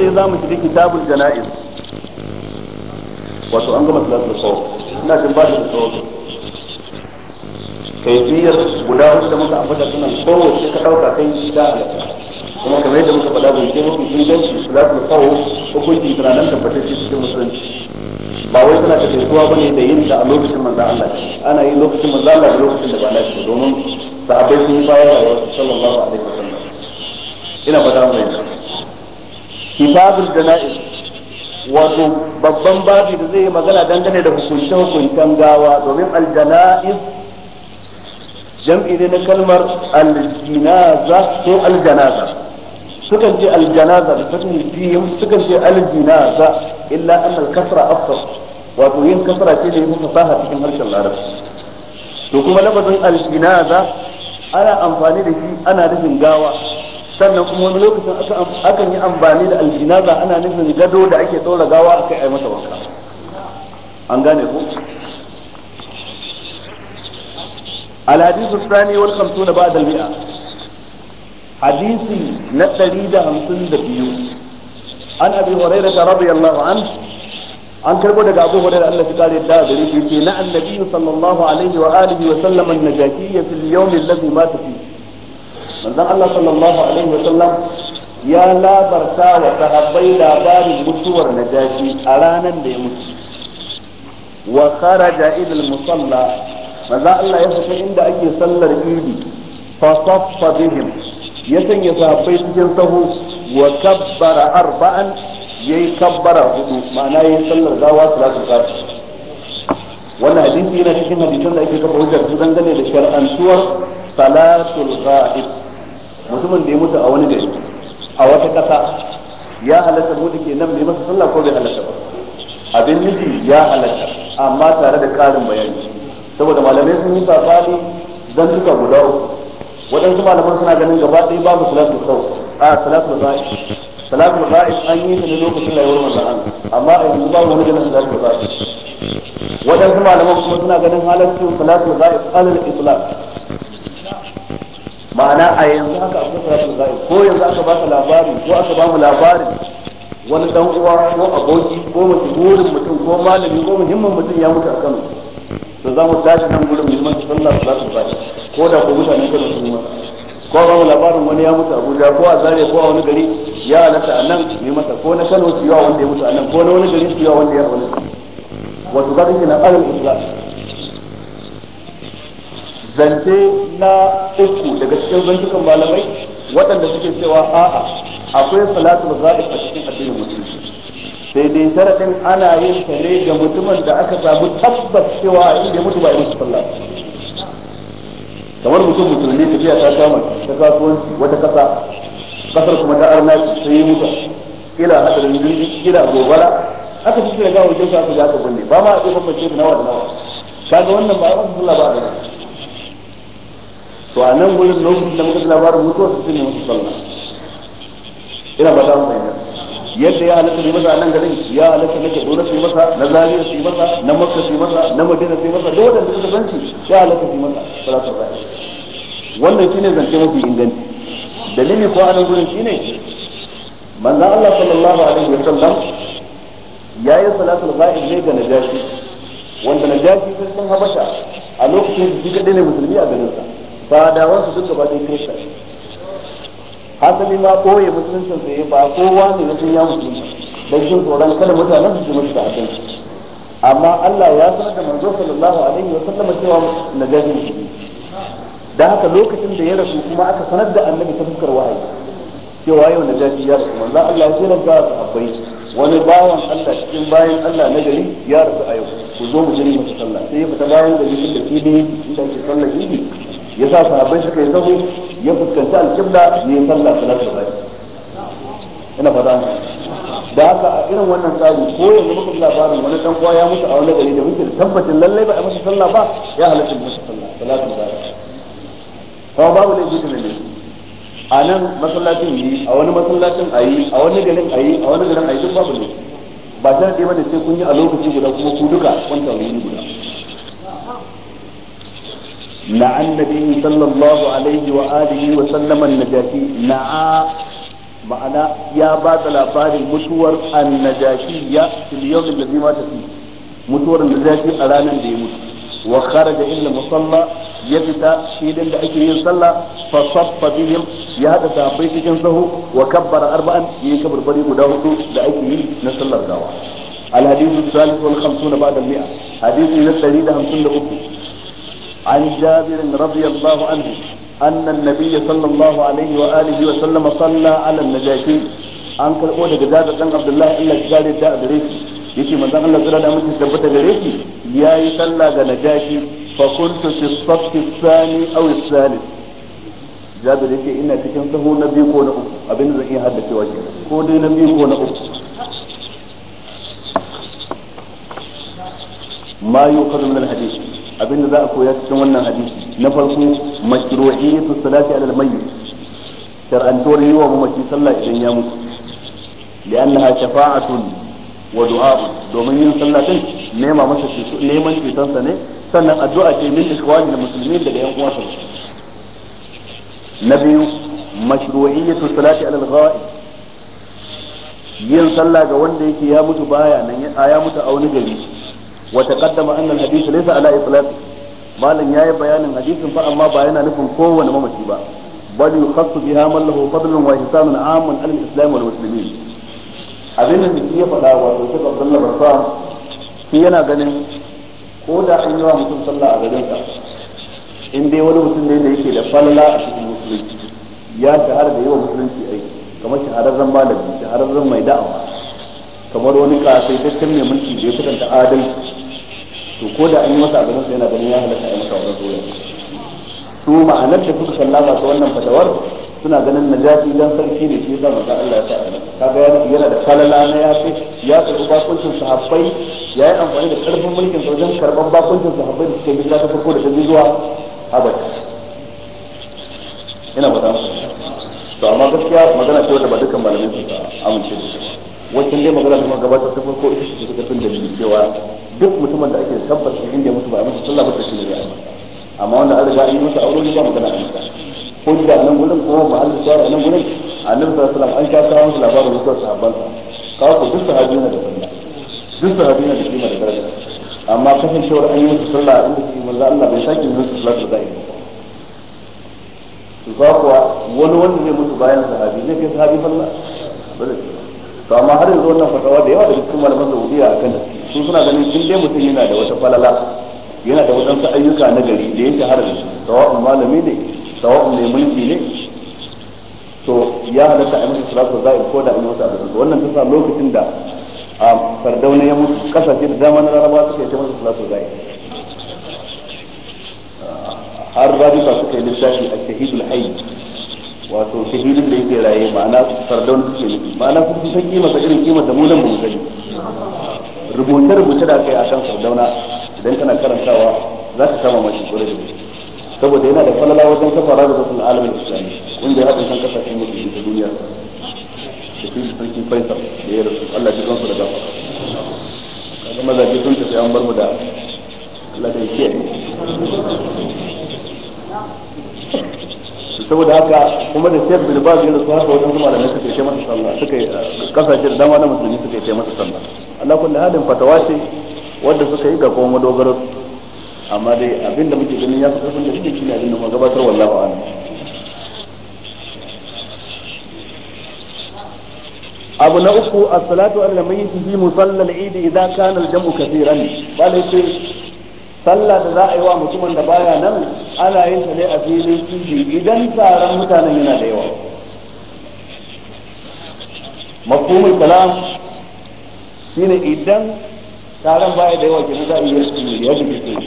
tsaye za mu shiga kitabul jana'iz wato an gama salatu tsawo ina jin ba da kai biyar guda uku da muka ambata suna sai ka dauka kai da kuma kamar yadda muka faɗa bai ce mafi inganci salatu tsawo hukunci tana nan tabbatacce cikin musulunci ba wai tana tafiyuwa bane da yin ta a lokacin manzo Allah ana yi lokacin manzo Allah da lokacin da ba na shi domin sahabbai sun yi bayan rayuwar sallallahu alaihi wasallam ina fata mai kitabul janaiz wato babban babi da zai yi magana dangane da hukunce hukuncen gawa domin aljanaiz jam'i ne na kalmar aljinaza ko aljanaza sukan ce aljanaza da fatin biyun sukan ce aljinaza illa an alkasra afsar wato yin kasra ce da yin fasaha cikin harshen larabci to kuma lafazin aljinaza ana amfani da shi ana nufin gawa sannan kuma wani lokacin akan yi amfani da aljinaza ana nufin gado da ake ɗora gawa a aka yi masa wanka an gane ko الحديث الثاني والخمسون بعد المئة حديث نتريد همسن دبيو عن أبي هريرة رضي الله عنه an karbo daga abu hurairah Allah ya kare da gare shi ke na annabi sallallahu alaihi wa alihi wa sallam an-najaki fi al-yawm alladhi mata fihi manzon Allah sallallahu alaihi wasallam ya labarta wa sahabbai labarin mutuwar najashi a ranar da ya mutu wa kharaja ila al-musalla manzon Allah ya fita inda ake sallar idi fa saffa bihim ya sanya sahabbai cikin sahu wa kabbara arba'an yayi kabbara hudu ma'ana yayi sallar gawa salatu fatiha wannan hadisi yana cikin hadisan da ake kafa hujjar su dangane da shar'antuwar salatul ghaib mutumin da ya mutu a wani gari a wata ƙasa ya halatta mutu ke nan mai masa sallah ko bai halatta ba abin nufi ya halatta amma tare da ƙarin bayani saboda malamai sun yi safari dan duka guda uku waɗansu malaman suna ganin gaba ɗaya babu salatu sau a salatu ra'i salatu ra'i an yi ta ne lokacin ya manzon Allah amma a yanzu babu wani ganin salatu ra'i waɗansu malaman kuma suna ganin halatta salatu ra'i alal islam ma'ana a yanzu haka akwai salatul zai ko yanzu aka baka labari ko aka ba mu labari wani dan uwa ko aboki ko gurin mutum ko malami ko muhimmin mutum ya mutu a Kano to za mu tashi nan gurin muhimman za su ghaib ko da ko mutanen Kano su ma ko ba mu labarin wani ya mutu a Abuja ko a Zaria ko a wani gari ya halatta a nan ne masa ko na Kano su yawa wanda ya mutu a nan ko na wani gari su yawa wanda ya wani wato ga kina na islam zance na uku daga cikin zantukan malamai waɗanda suke cewa a'a akwai da ghaib a cikin addinin musulunci sai dai sharaɗin ana yin ta ne ga mutumin da aka samu tabbas cewa a inda mutu ba yi musu sallah kamar mutum musulmi tafiya ta kama ta kasuwanci wata kasa kasar kuma ta arnaki sai yi mutu kila hadarin jirgi kila gobara aka fi kira gawo jinsa su ga aka binne ba ma a ce bambance da nawa da nawa kaga wannan ba a sallah ba a da to a nan gurin lokacin da muka labar mutuwa su ne mutu sallah ina ba za mu fahimta yadda ya halatta ne masa a nan garin ya halatta na ke dole su yi masa na zariya su yi masa na makka su yi masa na madina su yi masa da wadanda suka zanci ya halatta su yi masa ba za su zai wannan shine zance mafi inganci dalili ko a nan gurin shine manzo Allah sallallahu alaihi wa sallam yayi salatul ghaib ne ga najashi wanda najashi sun habasha a lokacin da kadai ne musulmi a garin sa fadawan su duka ba dai kirista hasali ma koye musulunci su ba kowa ne na sun ya musulunci don jin tsoron kada mutanen su ji da akan amma Allah ya sanar da manzo sallallahu alaihi wa sallam cewa najajin shi da haka lokacin da ya rasu kuma aka sanar da annabi ta fuskar wahayi cewa yau najashi ya rasu manzo Allah ya jiranta su bai wani bawan Allah cikin bayan Allah na gari ya rasu a yau ku zo mu jini mu sallah sai ya fita bayan gari da fili inda ake ya sa sahabbai suka yi sahu ya fuskanci alƙibla ya salla sallah salatul fajr ina fata da haka a irin wannan tsari ko yanzu muka labarin wani dan uwa ya mutu a wani gari da muke tabbacin lallai ba a masa sallah ba ya halatta masa sallah salatul fajr kuma babu laifi da ne a nan masallacin yi a wani masallacin a yi a wani garin a yi a wani garin a yi duk babu ne ba ta da bane sai kun yi a lokaci guda kuma ku duka kun tauri guda نعى النبي صلى الله عليه وآله وسلم النجاشي نعى معنا يا بعد الأبار مشور النجاشي في اليوم الذي مات فيه مشور النجاشي ألانا ديموت وخرج إلى المصلى يفتى شيدا دين أكل صلى فصف بهم يا تعطيك جنسه وكبر أربعا يكبر بريق داوته لأكل نصلى الدعوة الحديث الثالث والخمسون بعد المئة حديث من الثلاثة خمسون لأكل عن جابر رضي الله عنه أن النبي صلى الله عليه وآله وسلم صلى على النجاشي an karɓo daga jabir dan abdullahi allah ya ta a gare shi yake manzon allah tsira da mutum tabbata gare shi yayi sallah ga najashi fa kuntu fi saff thani aw thalith jabir yake ina cikin sahu na biyu ko na uku abinda zan iya haddace waje ko dai na biyu ko na uku abinda za a koya cikin wannan hadisi na farko mashru'iyyatu salati alal mayyit shar'antuwar yi wa mamaci sallah idan ya mutu li'annaha shafa'atun wa du'a domin yin sallah din nema masa ceto neman cetonsa ne sannan addu'a ce min da musulmi daga yan uwansa na biyu mashru'iyyatu salati alal ghaib yin sallah ga wanda yake ya mutu baya nan ya mutu a wani gari wa taqaddama anna al-hadith laysa ala itlaqi malam bayanin hadisin fa amma ba yana nufin kowane mamaci ba bal yukhassu biha man lahu fadlun wa ihsanun 'amun 'ala al abin da shi ya faɗa wa to shi Abdullah yana ganin ko da an yi mutum sallah a garin sa in dai wani mutum ne da yake da falala a cikin musulunci ya shahara da yawa musulunci aiki kamar shahararren malami shahararren mai da'awa kamar wani kasaitaccen mai mulki da ya kusanta adalci to ko da an yi masa abin sa yana ganin ya halatta a masa wannan zuwa su ma'anar da suka kalla masu wannan fatawar suna ganin najasi dan sarki ne shi zama ga Allah ya sa kaga yana da kalala na ya fi ya karbi bakuncin sahabbai ya yi amfani da karfin mulkin sa wajen karban bakuncin sahabbai da suke hijira ta farko da ta zuwa abada ina ba ta to amma gaskiya magana ce wanda ba dukkan malamai suka amince da shi wancan dai magana kuma gabata ta farko ita ce ta tafin dalili cewa duk mutumin da ake tabbas shi inda mutu ba a masa sallah ba ta shirya amma wanda an riga an yi masa aure ne ba magana a masa hujja a nan gurin ko ba an tsara a nan gurin annabi sallallahu alaihi wasallam an ka kawo musu labarin mutuwar sahabban sa kawo duk sahabi yana da sunna duk sahabi yana da kima da daraja amma kasancewar an yi musu sallah a inda manzo Allah bai sake yi musu sallah da zai ba kuwa wani wanda zai mutu bayan sahabi ne kai sahabi sallah ba zai to amma har yanzu wannan fatawa da yawa daga cikin malaman Saudiya akan su suna ganin in dai mutum yana da wata falala yana da wadansu ayyuka na gari da ya shahara da su sawa'un malami ne sawa'un mai mulki ne to ya halatta a masa salatu za ko da an masa abin wannan ta sa lokacin da a fardauna ya mutu kasashe da dama na rarraba suka yi ta masa salatu za'ir har rajisa suka yi littafi a shahidul hayy wato shahidin da yake raye ma'ana fardaun suke nufi ma'ana kuma san kima ta irin kima da mulan mun mu sani rubuce rubuce da kai kan fardauna idan kana karantawa za ka kama mashi gore da saboda yana da falala wajen kafa rabitatul alamin islami wanda ya haɗin kan kasashen musulmi ta duniya da shi sarki faisal da ya rasu Allah ji kansu da gafa kaga mazaje sun tafi an bar mu da Allah da ke saboda haka kuma da sai bil ba da su haka wajen malamai suka ce masa sallah suka uh, kasashe da dama na musulmi suka ce masa sallah Allah kullu halin fatawa ce wanda suka yi ga kuma madogaro amma dai abinda muke ganin ya fi karfin da shi ne da mu gabatar wallahi a'ala abu na uku as-salatu ala mayyit fi musalla al-eid idza kana al-jam'u kathiran balai sallah da za a yi wa mutumin da baya nan ana yin ta ne a filin idi idan taron mutanen yana da yawa mafhumul kalam shine idan taron baya da yawa kenan za a yi su ya bi ke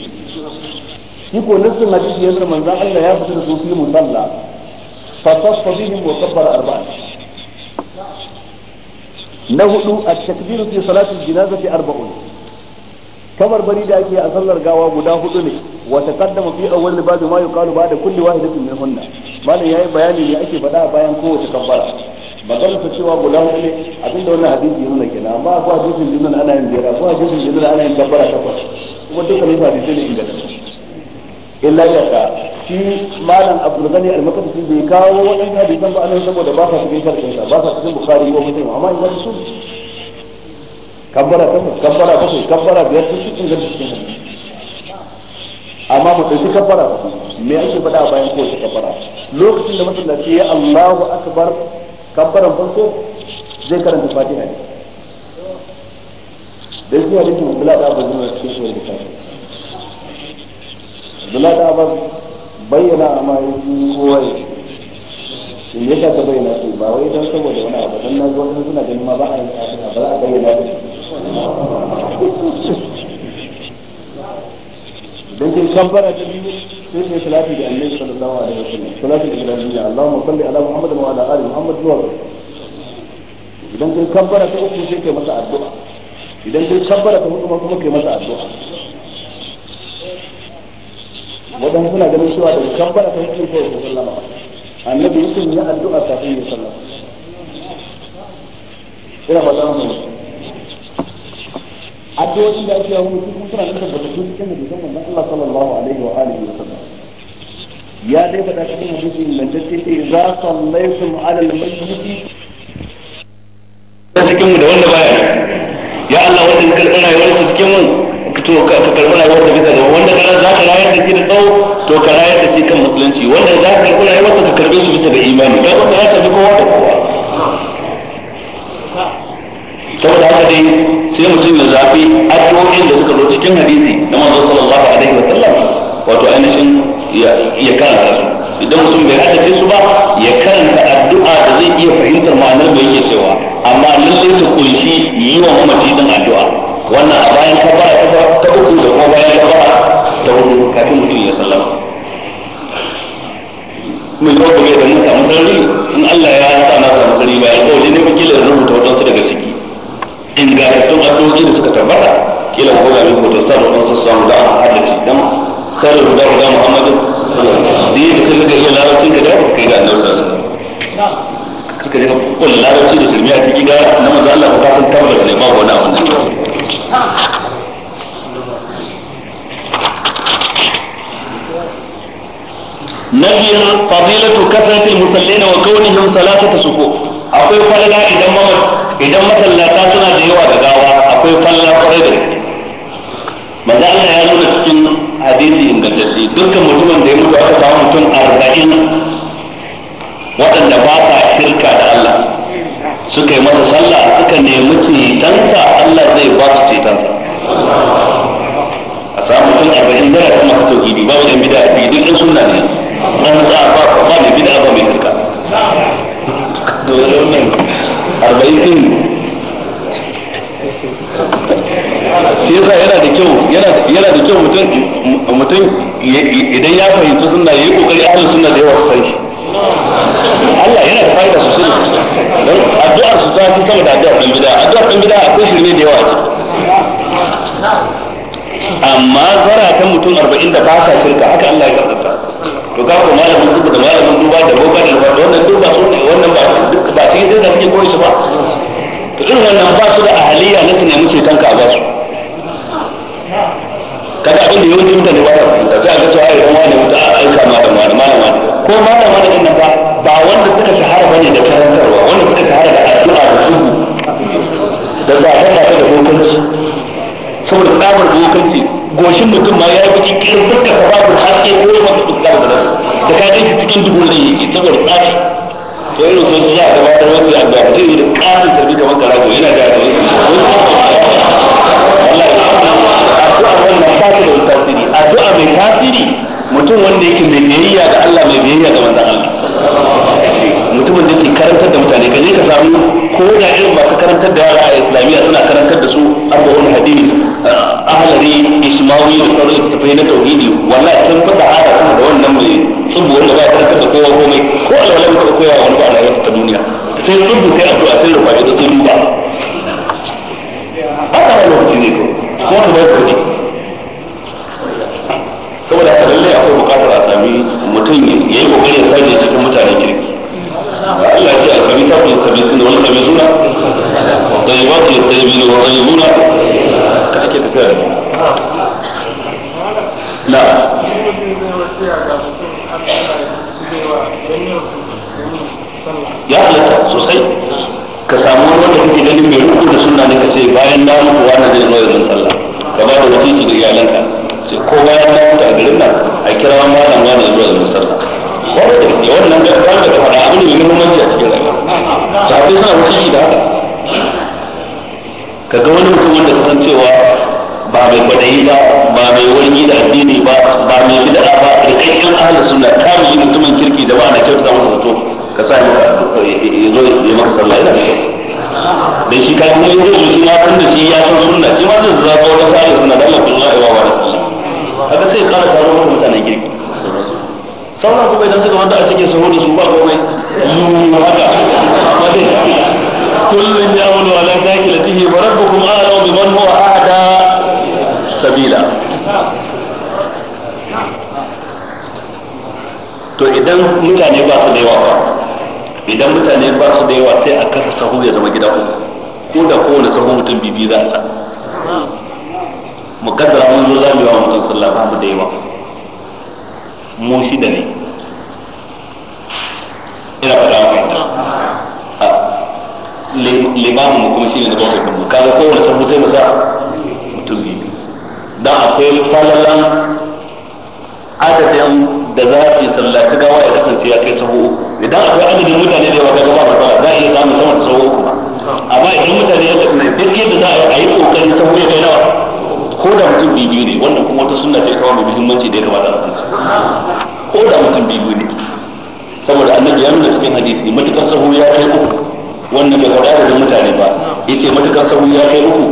shi ko nassin hadisi ya zama manzon Allah ya fita da su fil musalla fa tasfa bihim wa kabbara arba'a na hudu at-takbiru fi salati al-janazati arba'un kamar bari da ake a sallar gawa guda hudu ne wa taqaddama fi awwal bab ma yuqalu ba'da kulli wahidatin min hunna malam yayi bayani ne ake faɗa bayan kowace kabbara bazan ta cewa guda hudu ne abinda wannan hadisi ya nuna kenan amma akwai hadisin da ana yin jira akwai hadisin da ana yin kabbara takwas kuma dukkan ne hadisi ne inganta illa ya ka shi malam abdul gani al-makdisi bai kawo wannan hadisin ba anan saboda ba sa cikin sharhin sa ba sa cikin bukhari ko muslim amma idan su kabbara takwas kabbara bakwai kabbara biyar sun cikin gaba cikin hadisi amma mu ɗauki kabbara me ake faɗa a bayan kowace kabbara lokacin da masallaci ya Allahu akbar kabbaran farko zai karanta fatiha ne da shi hadisin Abdullah da Abbas ne cikin sura Bukhari Abdullah da ba bayyana amma yaji kowa ya in yasa ka bayyana su ba wai don saboda wani abu don na zo suna ganin ma ba a yi fatiha ba za a bayyana su dan kin kabbara ta biyu sai kai salati da annabi sallallahu alaihi wasallam salati da annabi Allahumma salli ala Muhammad wa ala ali Muhammad zuwa ga idan kin kabbara ta uku sai ke masa addu'a idan kin kabbara ta hudu kuma kai masa addu'a wadan suna ganin cewa da kabbara ta hudu sai kai sallama annabi yakin ya addu'a kafin ya sallama ina ba za mu addu'o'i da ake yawo suna da tabbatattu cikin hadisan manzon Allah sallallahu alaihi wa alihi wa sallam ya dai faɗa cikin hadisi ingantacce sai za sallaitum ala al-mayyiti cikin mu da wanda baya ya Allah wanda ka rayuwar su cikin mu to ka karɓi rayuwar su bisa ga wanda ka za ka rayar da shi da tsawo to ka rayar da shi kan musulunci wanda za ka karɓi rayuwar ka karɓe shi bisa ga imani ga wanda za ka bi kowa da kowa saboda haka dai sai mutum ya zafi addu'o'in da suka zo cikin hadisi na manzo sallallahu alaihi wa sallam wato ainihin ya karanta su idan mutum bai haddace su ba ya karanta addu'a da zai iya fahimtar ma'anar da yake cewa amma lalle ta kunshi yi wa mamaci din addu'a wannan a bayan kabara ta uku da ko bayan fara ta hudu kafin mutum ya sallama mai zo da mun samu sarari in Allah ya sa na samu sarari bayan kawai ne wakilin rubuta su daga cikin hujjoji da suka tabbata kila ko da ko ta sa don su samu da hadisi dan sai da da da Muhammad dai da kaga da larabci ka da kai da Annabi sallallahu kika da larabci da shirmiya ga na manzo Allah san ne ba نبي فضيلة كثرة المصلين وكونهم ثلاثة سكوك akwai falala إذا idan masallata suna da yawa da gawa akwai falla kwarai da gaske Allah ya nuna cikin hadisi ingantacce dukkan mutumin da ya mutu aka samu mutum arba'in waɗanda ba sa shirka da Allah suka yi masa sallah suka nemi cetonsa Allah zai ba su cetonsa a samu mutum arba'in dara kuma su toki bayan na muku wannan zai zo yanzu sallah ka ba da wasiki da iyalanka sai ko bayan na muku a garin nan a kira wani malam wani zo yanzu sallah wanda da ke wannan da kan da faɗa abu ne mai muhimmanci a cikin rayuwa sahabbai suna wasiki da haka ka ga wani mutum wanda san cewa ba mai kwadayi ba ba mai wani da addini ba ba mai bid'a ba da kakkan ahli sunna kamilin mutumin kirki da ba na kyautata masa zato ka sa ya zo ya maka sallah yana da kyau da shi kan ne yake shi ya san da shi ya san sunna shi ma zai zaga wata kare sunna da Allah kun ya wa wani haka sai kara karo maka mutanen kirki sauran kuma idan suka wanda a cikin su hudu su ba komai yiwu haka kullun ya'malu ala dakilatihi wa rabbukum a'lamu biman huwa ahda sabila to idan mutane ba su da yawa ba idan mutane ba su da yawa sai a kasa sahu ya zama gida uku ko da kowane sahu mutum bibi za a sa kasa mun zo yi wa mutum sallah ba mu da yawa mu da ne ina faɗa wa limamin mu kuma ne da bakwai kan mu kaga kowane sahu sai mu sa mutum bibi dan akwai falalan adadin da za a su sallaci gawa ya kasance ya kai sahu uku idan akwai adadin mutane da yawa ga gaba da za a iya samun sama da sahu uku ba amma idan mutane ya kasance duk yadda za a yi kokari sahu ya kai nawa ko da mutum biyu ne wannan kuma wata sunna ce kawo mai muhimmanci da ya kamata a ko da mutum biyu ne saboda annabi ya nuna cikin hadisi matukar sahu ya kai uku wannan bai faɗa da mutane ba yace matukar sahu ya kai uku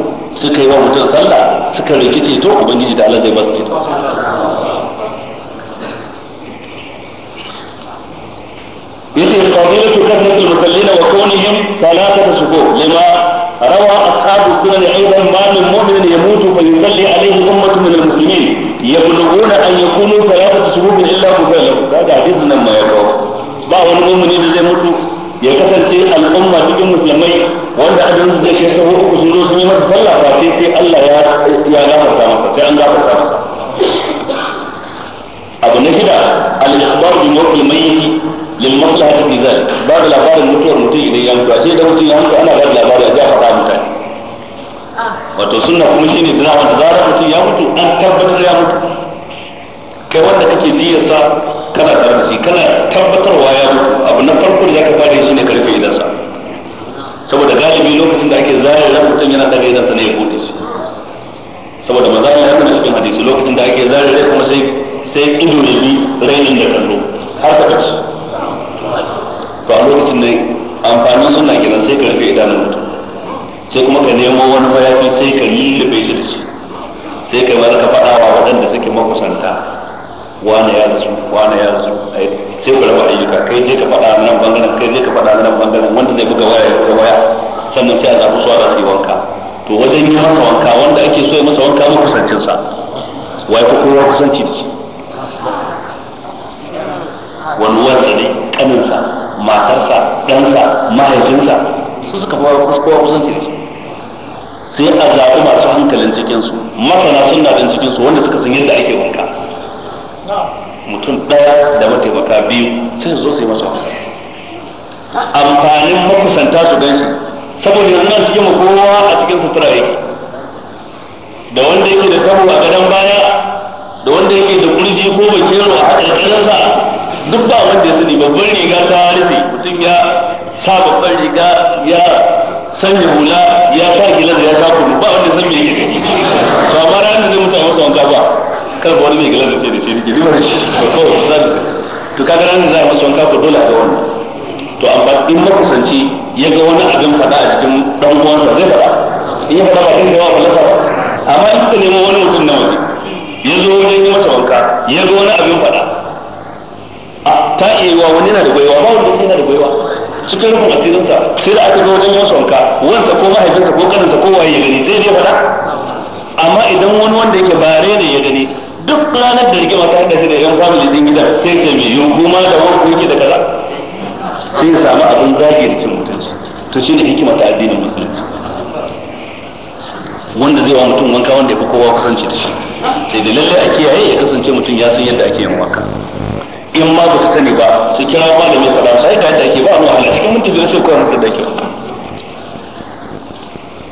suka yi wa mutum sallah suka rikice to ubangiji da Allah zai ba su yace fadilatu kasratul musallin wa kaunihim thalathata shuhur lima rawa ashabu sunan aidan ma min mu'min yamutu fa yusalli alayhi ummatu min almuslimin yablughuna an yakunu thalathata shuhur illa musallam kaga hadisin nan ma ya kawo ba wani mu'mini da zai mutu ya kasance al'umma cikin musulmai wanda abin da ke sabo uku sun zo sun yi masa sallah Allah ya ya gafarta masa sai an gafarta al-ikhbar bi mawqi lil maslahati fi zalik ba da labarin mutuwar mutum idan ya mutu a sai da mutum ya mutu ana ba da labari a ja faɗa mutane wato sunna kuma shine da zaman da mutum ya mutu an tabbatar ya mutu kai wanda kake niyyarsa kana tare da shi kana tabbatarwa ya mutu abu na farko da zaka fara shine karfe idan sa saboda galibi lokacin da ake zare ran mutum yana daga idansa ne ya bude shi saboda maza ya nuna cikin hadisi lokacin da ake zare rai kuma sai sai ido ne bi rainin da kallo har ka kace to a lokacin ne amfanin suna kenan sai ka rufe idanun mutum sai kuma ka nemo wani mayafi sai ka lullube shi da shi sai ka bar ka faɗa wa waɗanda suke makusanta wane ya rasu wane ya rasu sai ku raba ayyuka kai je ka faɗa nan bangaren kai je ka faɗa nan bangaren wanda zai buga waya ya waya sannan sai a zaɓi su a yi wanka to wajen yi masa wanka wanda ake so ya masa wanka makusancinsa wai ko kowa kusanci da shi wani warare kaninsa matarsa ɗansa mahaifinsa su suka fi kowa kusanci da sai a zaɓi masu hankalin cikinsu masana suna ɗin cikinsu wanda suka san yadda ake wanka mutum ɗaya da mataimaka biyu sai su zo su yi masa amfanin makusanta su gan shi saboda yanzu an cikin kowa a cikin sutura yake da wanda yake da tabo a gadon baya da wanda yake da kurji ko bakero a haɗa da duk ba wanda ya sani babban riga ta rufe mutum ya sa babban riga ya sanya hula ya sa gilas ya sa kunu ba wanda san me yake to amma ran da zai mutu a masa wanka ba kar ba wani mai gilas da ke da shi da gidiwar ba ko kawai zan to kaga ran da zai a masa wanka ko dole a ga wannan to amma in kusanci ya ga wani abin fada a cikin dan uwansa zai fada in ya fada ba zai da wa Allah ba amma in ka nemo wani mutum na waje ya zo wajen yi masa wanka ya ga wani abin fada a ta iya wa wani yana da gwaiwa ba wanda yana da gwaiwa cikin rufin asirinsa sai da aka zo wajen yawan wanka wansa ko mahaifinsa ko kaninsa ko waye ya gani zai je faɗa amma idan wani wanda yake bare ne ya gani duk ranar da rigima ta haɗa shi da yan family din gidan sai ta mai yunku ma da wani yake da kaza sai ya samu abin zagi da cin mutunci to shi ne hikima ta addinin musulunci wanda zai wa mutum wanka wanda ya fi kowa kusanci da shi sai da lallai a kiyaye ya kasance mutum ya san yadda ake yin wanka in ma ba su sani ba su kira malami ka ba sai ka yadda ake ba mu wahala cikin minti biyar sai koyar musu da ke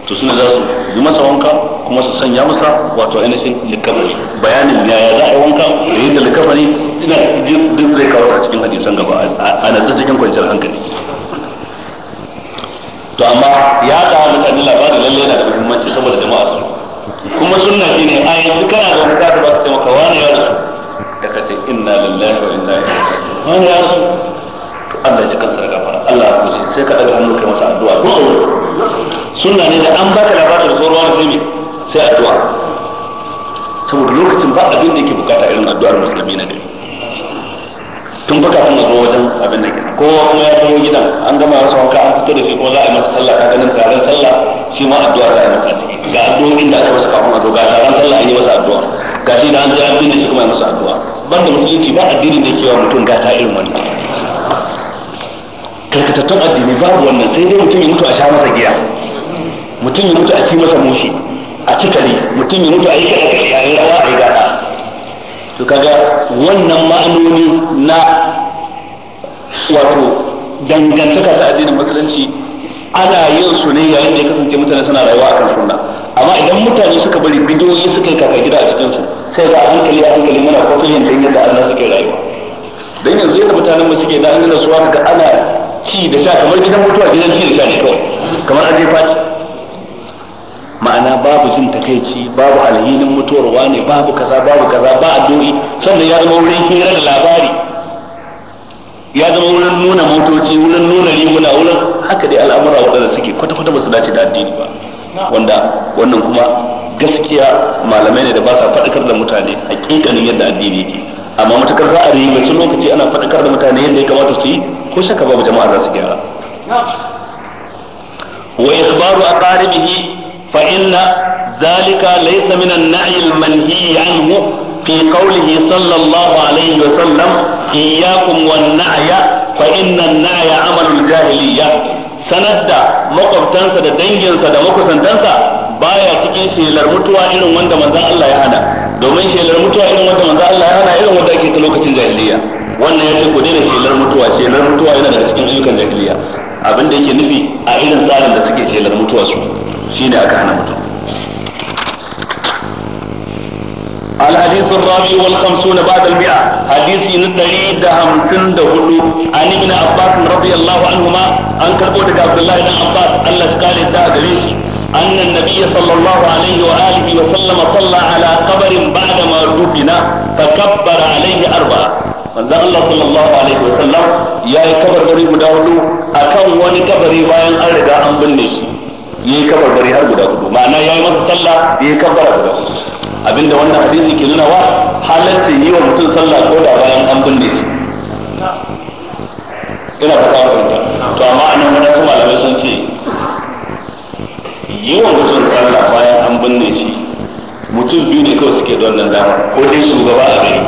to suna za su yi masa wanka kuma su sanya masa wato ainihin likafani bayanin ya ya za a yi wanka da yadda likafani ina duk zai kawo a cikin hadisan gaba a nan cikin kwanciyar hankali to amma ya ga mutane labari lalle yana da muhimmanci saboda jama'a su kuma sunna ne ayyuka kana da wani ka ba su taimaka wani ya da ka ce inna lillahi wa inna ilaihi raji'un wani ya rasu to Allah ji kansa daga fara. Allah ya kuce sai ka daga hannu kai masa addu'a duk a wurin sunna ne da an baka labarin tsoron rubi sai addu'a saboda lokacin ba abin da yake bukata irin addu'ar musulmi na gari tun baka kan zo wajen abin da ke Ko kuma ya zo gidan an gama wasu wanka an fito da shi kuma za a yi masa sallah ka ganin taron sallah shi ma addu'a za a yi masa ciki ga addu'o'in da aka masa kafin a zo ga taron sallah an yi masa addu'a gashi da an ji an shi kuma masa addu'a Ban da musulunci ba addini da kewa mutum gata irin wani karkatattun addini babu wannan sai dai mutum ya mutu a sha masa giya mutum ya mutu a ci masa mushi a cikali mutum ya mutu a yi kaɗa kaɗa a yi rawa a yi gada to kaga wannan ma'anoni na wato dangantaka ta addinin musulunci ana yin su ne yayin da ya kasance mutane suna rayuwa kan sunna amma idan mutane suka bari bidiyoyi suka yi kaka gida a cikin su sai a hankali a hankali muna yin dan yadda Allah suke rayuwa dan yanzu yadda mutanen mu suke da an gina suwa ga ana ci da sha kamar gidan mutuwa gidan ci da sha ne kawai kamar an je ma'ana babu jin takaici babu alhinin mutuwarwa ne babu kaza babu kaza ba addu'i sannan ya zama wurin hira da labari ya zama wurin nuna motoci wurin nuna riguna wurin haka dai al'amura waɗanda suke kwata-kwata ba su dace da addini ba wanda wannan kuma gaskiya malamai ne da ba sa faɗakar da mutane hakikanin yadda addini yake amma matakar za a ribaci lokaci ana faɗakar da mutane yadda ya kamata su yi ko shaka babu jama'a za su gyara wa ikhbaru aqaribihi fa inna zalika, laysa min an-na'i al-manhi anhu fi qawlihi sallallahu alayhi wa sallam iyyakum wan-na'ya fa inna an 'amalu al sanar da makwabtansa da danginsa da makusantansa baya cikin shelar mutuwa irin wanda manzan Allah ya hana domin shelar mutuwa irin wanda manzan Allah ya hana irin wanda ake ta lokacin jahiliya wannan ya ce ku daina shelar mutuwa shelar mutuwa yana daga cikin ayyukan jahiliya abin da yake nufi a irin tsarin da suke shelar mutuwa su shine aka hana mutum الحديث الرابع والخمسون بعد المئة حديث ندري دهم تند هلو عن ابن عباس رضي الله عنهما أن كربوتك عبد الله بن عباس الله قال الداء قريشي أن النبي صلى الله عليه وآله وسلم صلى على قبر بعدما دفن فكبر عليه أربعة manzon Allah sallallahu alaihi wasallam ya yi kabarbari guda hudu akan wani kabari bayan an riga an binne shi Yi kafar bari har guda hudu ma'ana ya yi masa sallah yayi kabar guda hudu abinda wannan hadisi ke nuna wa halatta yi wa mutum sallah ko da bayan an binne shi ina fata fahimta to amma anan wadansu malamai sun ce yi wa mutum sallah bayan an binne shi mutum biyu ne kawai suke don nan dama ko dai shugaba a gari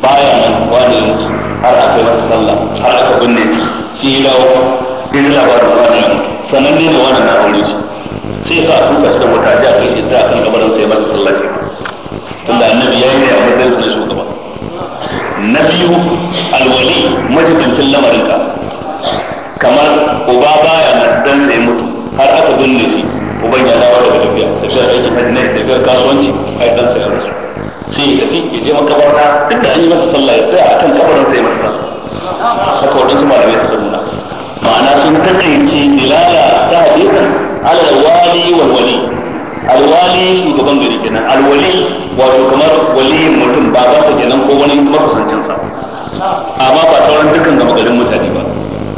baya nan wani mutum, har aka yi masa sallah har aka binne shi shi ya dawo irin labarin wani mutu sanan ne wannan na aure shi sai sa a tuka shi da mota a kai shi sai a kan gabarin sai masa sallah shi da annabi ya yi ne a matsayin na shugaba na biyu alwali majibancin lamarinka kamar uba baya na dan ne mutu har aka binne shi uban ya dawo daga tafiya tafiya da yake hajji ne daga kasuwanci a yi sai rasu sai ya tafi ya je makabarta duk da an yi masa sallah ya tsaya kan kabarin sai masa haka wadansu malamai su ma'ana sun takaice dilala ta hadisin ala wali wal wali alwali shugaban gari kenan alwali wato kamar waliyin mutum ba ba ta kenan ko wani makusancin sa amma ba sauran dukkan gaba garin mutane ba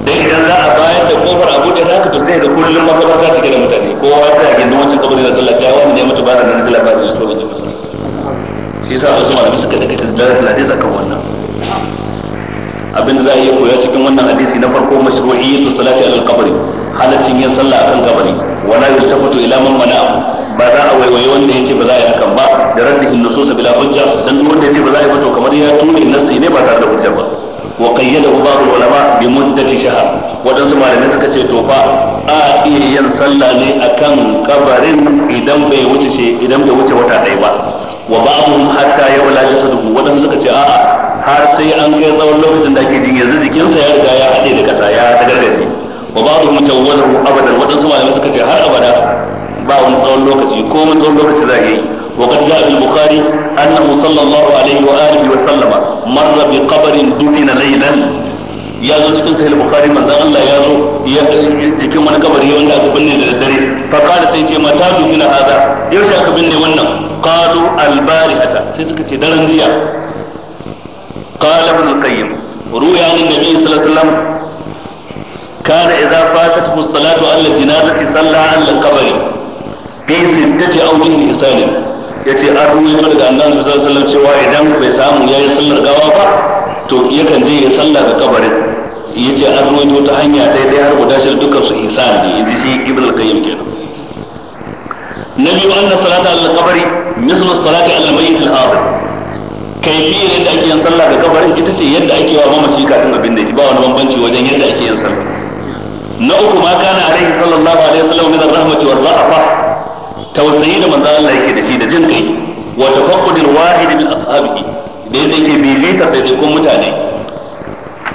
dai idan za a bayar da kofar abu da zaka to sai da kullum makabarta take da mutane ko kowa sai a gindin wancan kabari da sallah ya wani ne mutu ba da nan da labarin shi to ba shi yasa wasu malamai suka da kitan da hadisi kan wannan abinda za a iya koya cikin wannan hadisi na farko mashru'iyyatu salati al-qabr halaccin yin sallah akan kabari wala yustafatu ila man mana ba za a waiwaye wanda yake ba za a yi hakan ba da raddihin nusus bila hujja dan duk wanda yake ba za a yi ba kamar ya tuni nasi ne ba tare da hujja ba wa qayyadahu ba'd ulama bi muddati shahr su malamai suka ce to fa a iya yin sallah ne akan kabarin idan bai wuce idan bai wuce wata ɗaya ba wa ba'dhum hatta yawla jasaduhu wadansu suka ce a'a har sai an kai tsawon lokacin da ake jin yanzu jikinsa ya riga ya haɗe da ƙasa ya tagargaje wa ba su mutawwalar abadan waɗansu malamai suka ce har abada ba wani tsawon lokaci ko wani tsawon lokaci za a yi wa وقد جاء في البخاري أنه wa الله عليه وآله وسلم مر بقبر دفن ليلا ya zo cikin sahih bukhari manzon Allah ya zo ya jikin wani kabari wanda aka binne da dare fa kada sai ce mata dukina hada yau sai aka binne wannan qalu al barihata sai suka ce daren jiya قال ابن القيم روي عن النبي صلى الله عليه وسلم كان إذا فاتته الصلاة على الجنازة صلى على القبر في ستة أو من إنسان yace an ruwaito daga annabi sallallahu alaihi wasallam cewa idan bai samu yayi sallar gawa ba to yakan je ya sallah ga kabarin yace an ruwaito ta hanya dai dai har guda shi dukkan su insan ne yaji shi ibnu qayyim kenan nabi wa anna salata al qabri mislu salati al mayyit al hadir kaifiyar yadda ake yin sallah da kabarin ita ce yadda ake wa mamaci kafin abin da shi ba wani bambanci wajen yadda ake yin sallah na uku ma kana alaihi sallallahu alaihi wasallam min ar-rahmati war ra'fa tausayi da manzo Allah yake da shi da jin kai wa tafaqqud al-wahid min ashabihi da yadda yake bibita sai dai kun mutane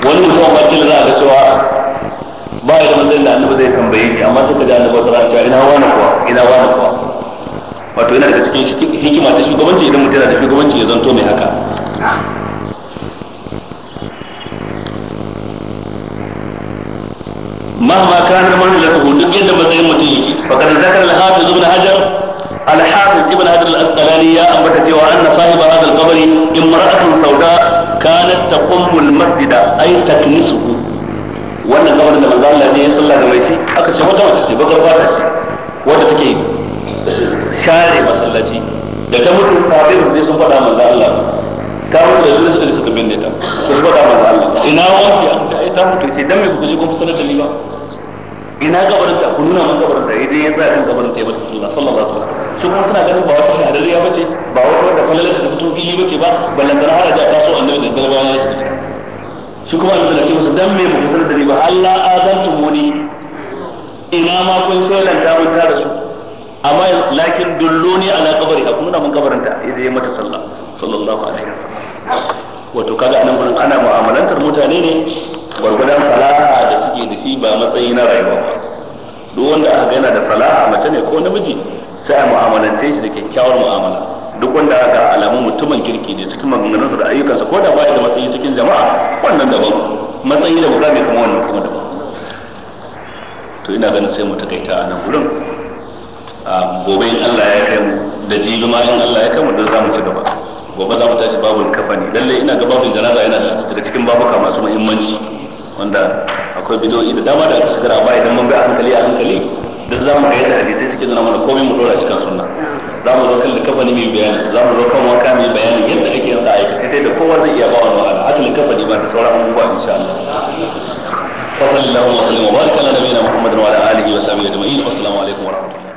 wani mutum ba kila za a ga cewa ba ya da manzo da annabi zai tambaye shi amma suka ji annabi ta ina wani kuwa ina wani kuwa wato yana daga cikin hikima ta shugabanci idan mutum yana da shugabanci ya zanto mai haka مهما كان منزلته duk yadda matsayin mutum yake fakar zakar al-hafiz ibn hajar al-hafiz ibn hajar al-asqalani ya ambata cewa anna sahiba hadha al-qabri imra'atun sauda kanat taqummu al-masjida ay taknisuhu wannan kabarin da manzo Allah ya salla da mai shi aka ce wata mace ce bakar fata ce wanda take kare masallaci da ta mutu kafin ba sai sun faɗa manzo Allah ba kawo da zuwa suka suka binne ta sun faɗa manzo Allah ina wanki an ta ita ta mutu sai dan me kuka je kun sanar da ni ba ina gabarin ta ku nuna mun gabarin ta idan ya tsaya kan gabarin ta ya mata sallah sallallahu alaihi wasallam su kuma suna ganin ba wata shahararriya bace ba wata wanda falalar ta fito fili bace ba ballantana har da ta so annabi da dalbawa ya ce shi kuma annabi da ke musu dan me muku sanar da ni ba Allah azantu muni ina ma kun sai mun ta rasu amma lakin ne ala kabari a kuma mun kabarinta idan ya mata sallah sallallahu alaihi wasallam wato kaga anan gurin ana mu'amalantar mutane ne gwargwadon salaha da suke da shi ba matsayi na rayuwa ba duk wanda aka yana da salaha mace ne ko namiji sai a mu'amalance shi da kyakkyawar mu'amala duk wanda aka alamu mutumin kirki ne cikin maganganunsa da ayyukansa ko da baya da matsayi cikin jama'a wannan daban matsayi da mukami kuma wannan kuma daban to ina ganin sai mu takaita a nan gurin gobe in Allah ya kai mu da jibi ma in Allah ya kai mu da za mu ci gaba gobe za mu tashi babul kafani lalle ina ga babul janaza yana daga cikin babuka masu muhimmanci wanda akwai bidoyi da dama da aka shigar amma idan mun ga hankali a hankali duk za mu ga yadda hadisi suke nuna mana komai mu dora shi kan sunna za mu zo kan kafani mai bayani za mu zo kan wanka mai bayani yadda ake yin sa aikace da kowa zai iya ba wa ma'ana haka kafani ba da sauran abubuwa insha Allah فصلى الله وسلم وبارك على wa محمد وعلى اله وصحبه اجمعين Assalamu alaykum wa rahmatullahi.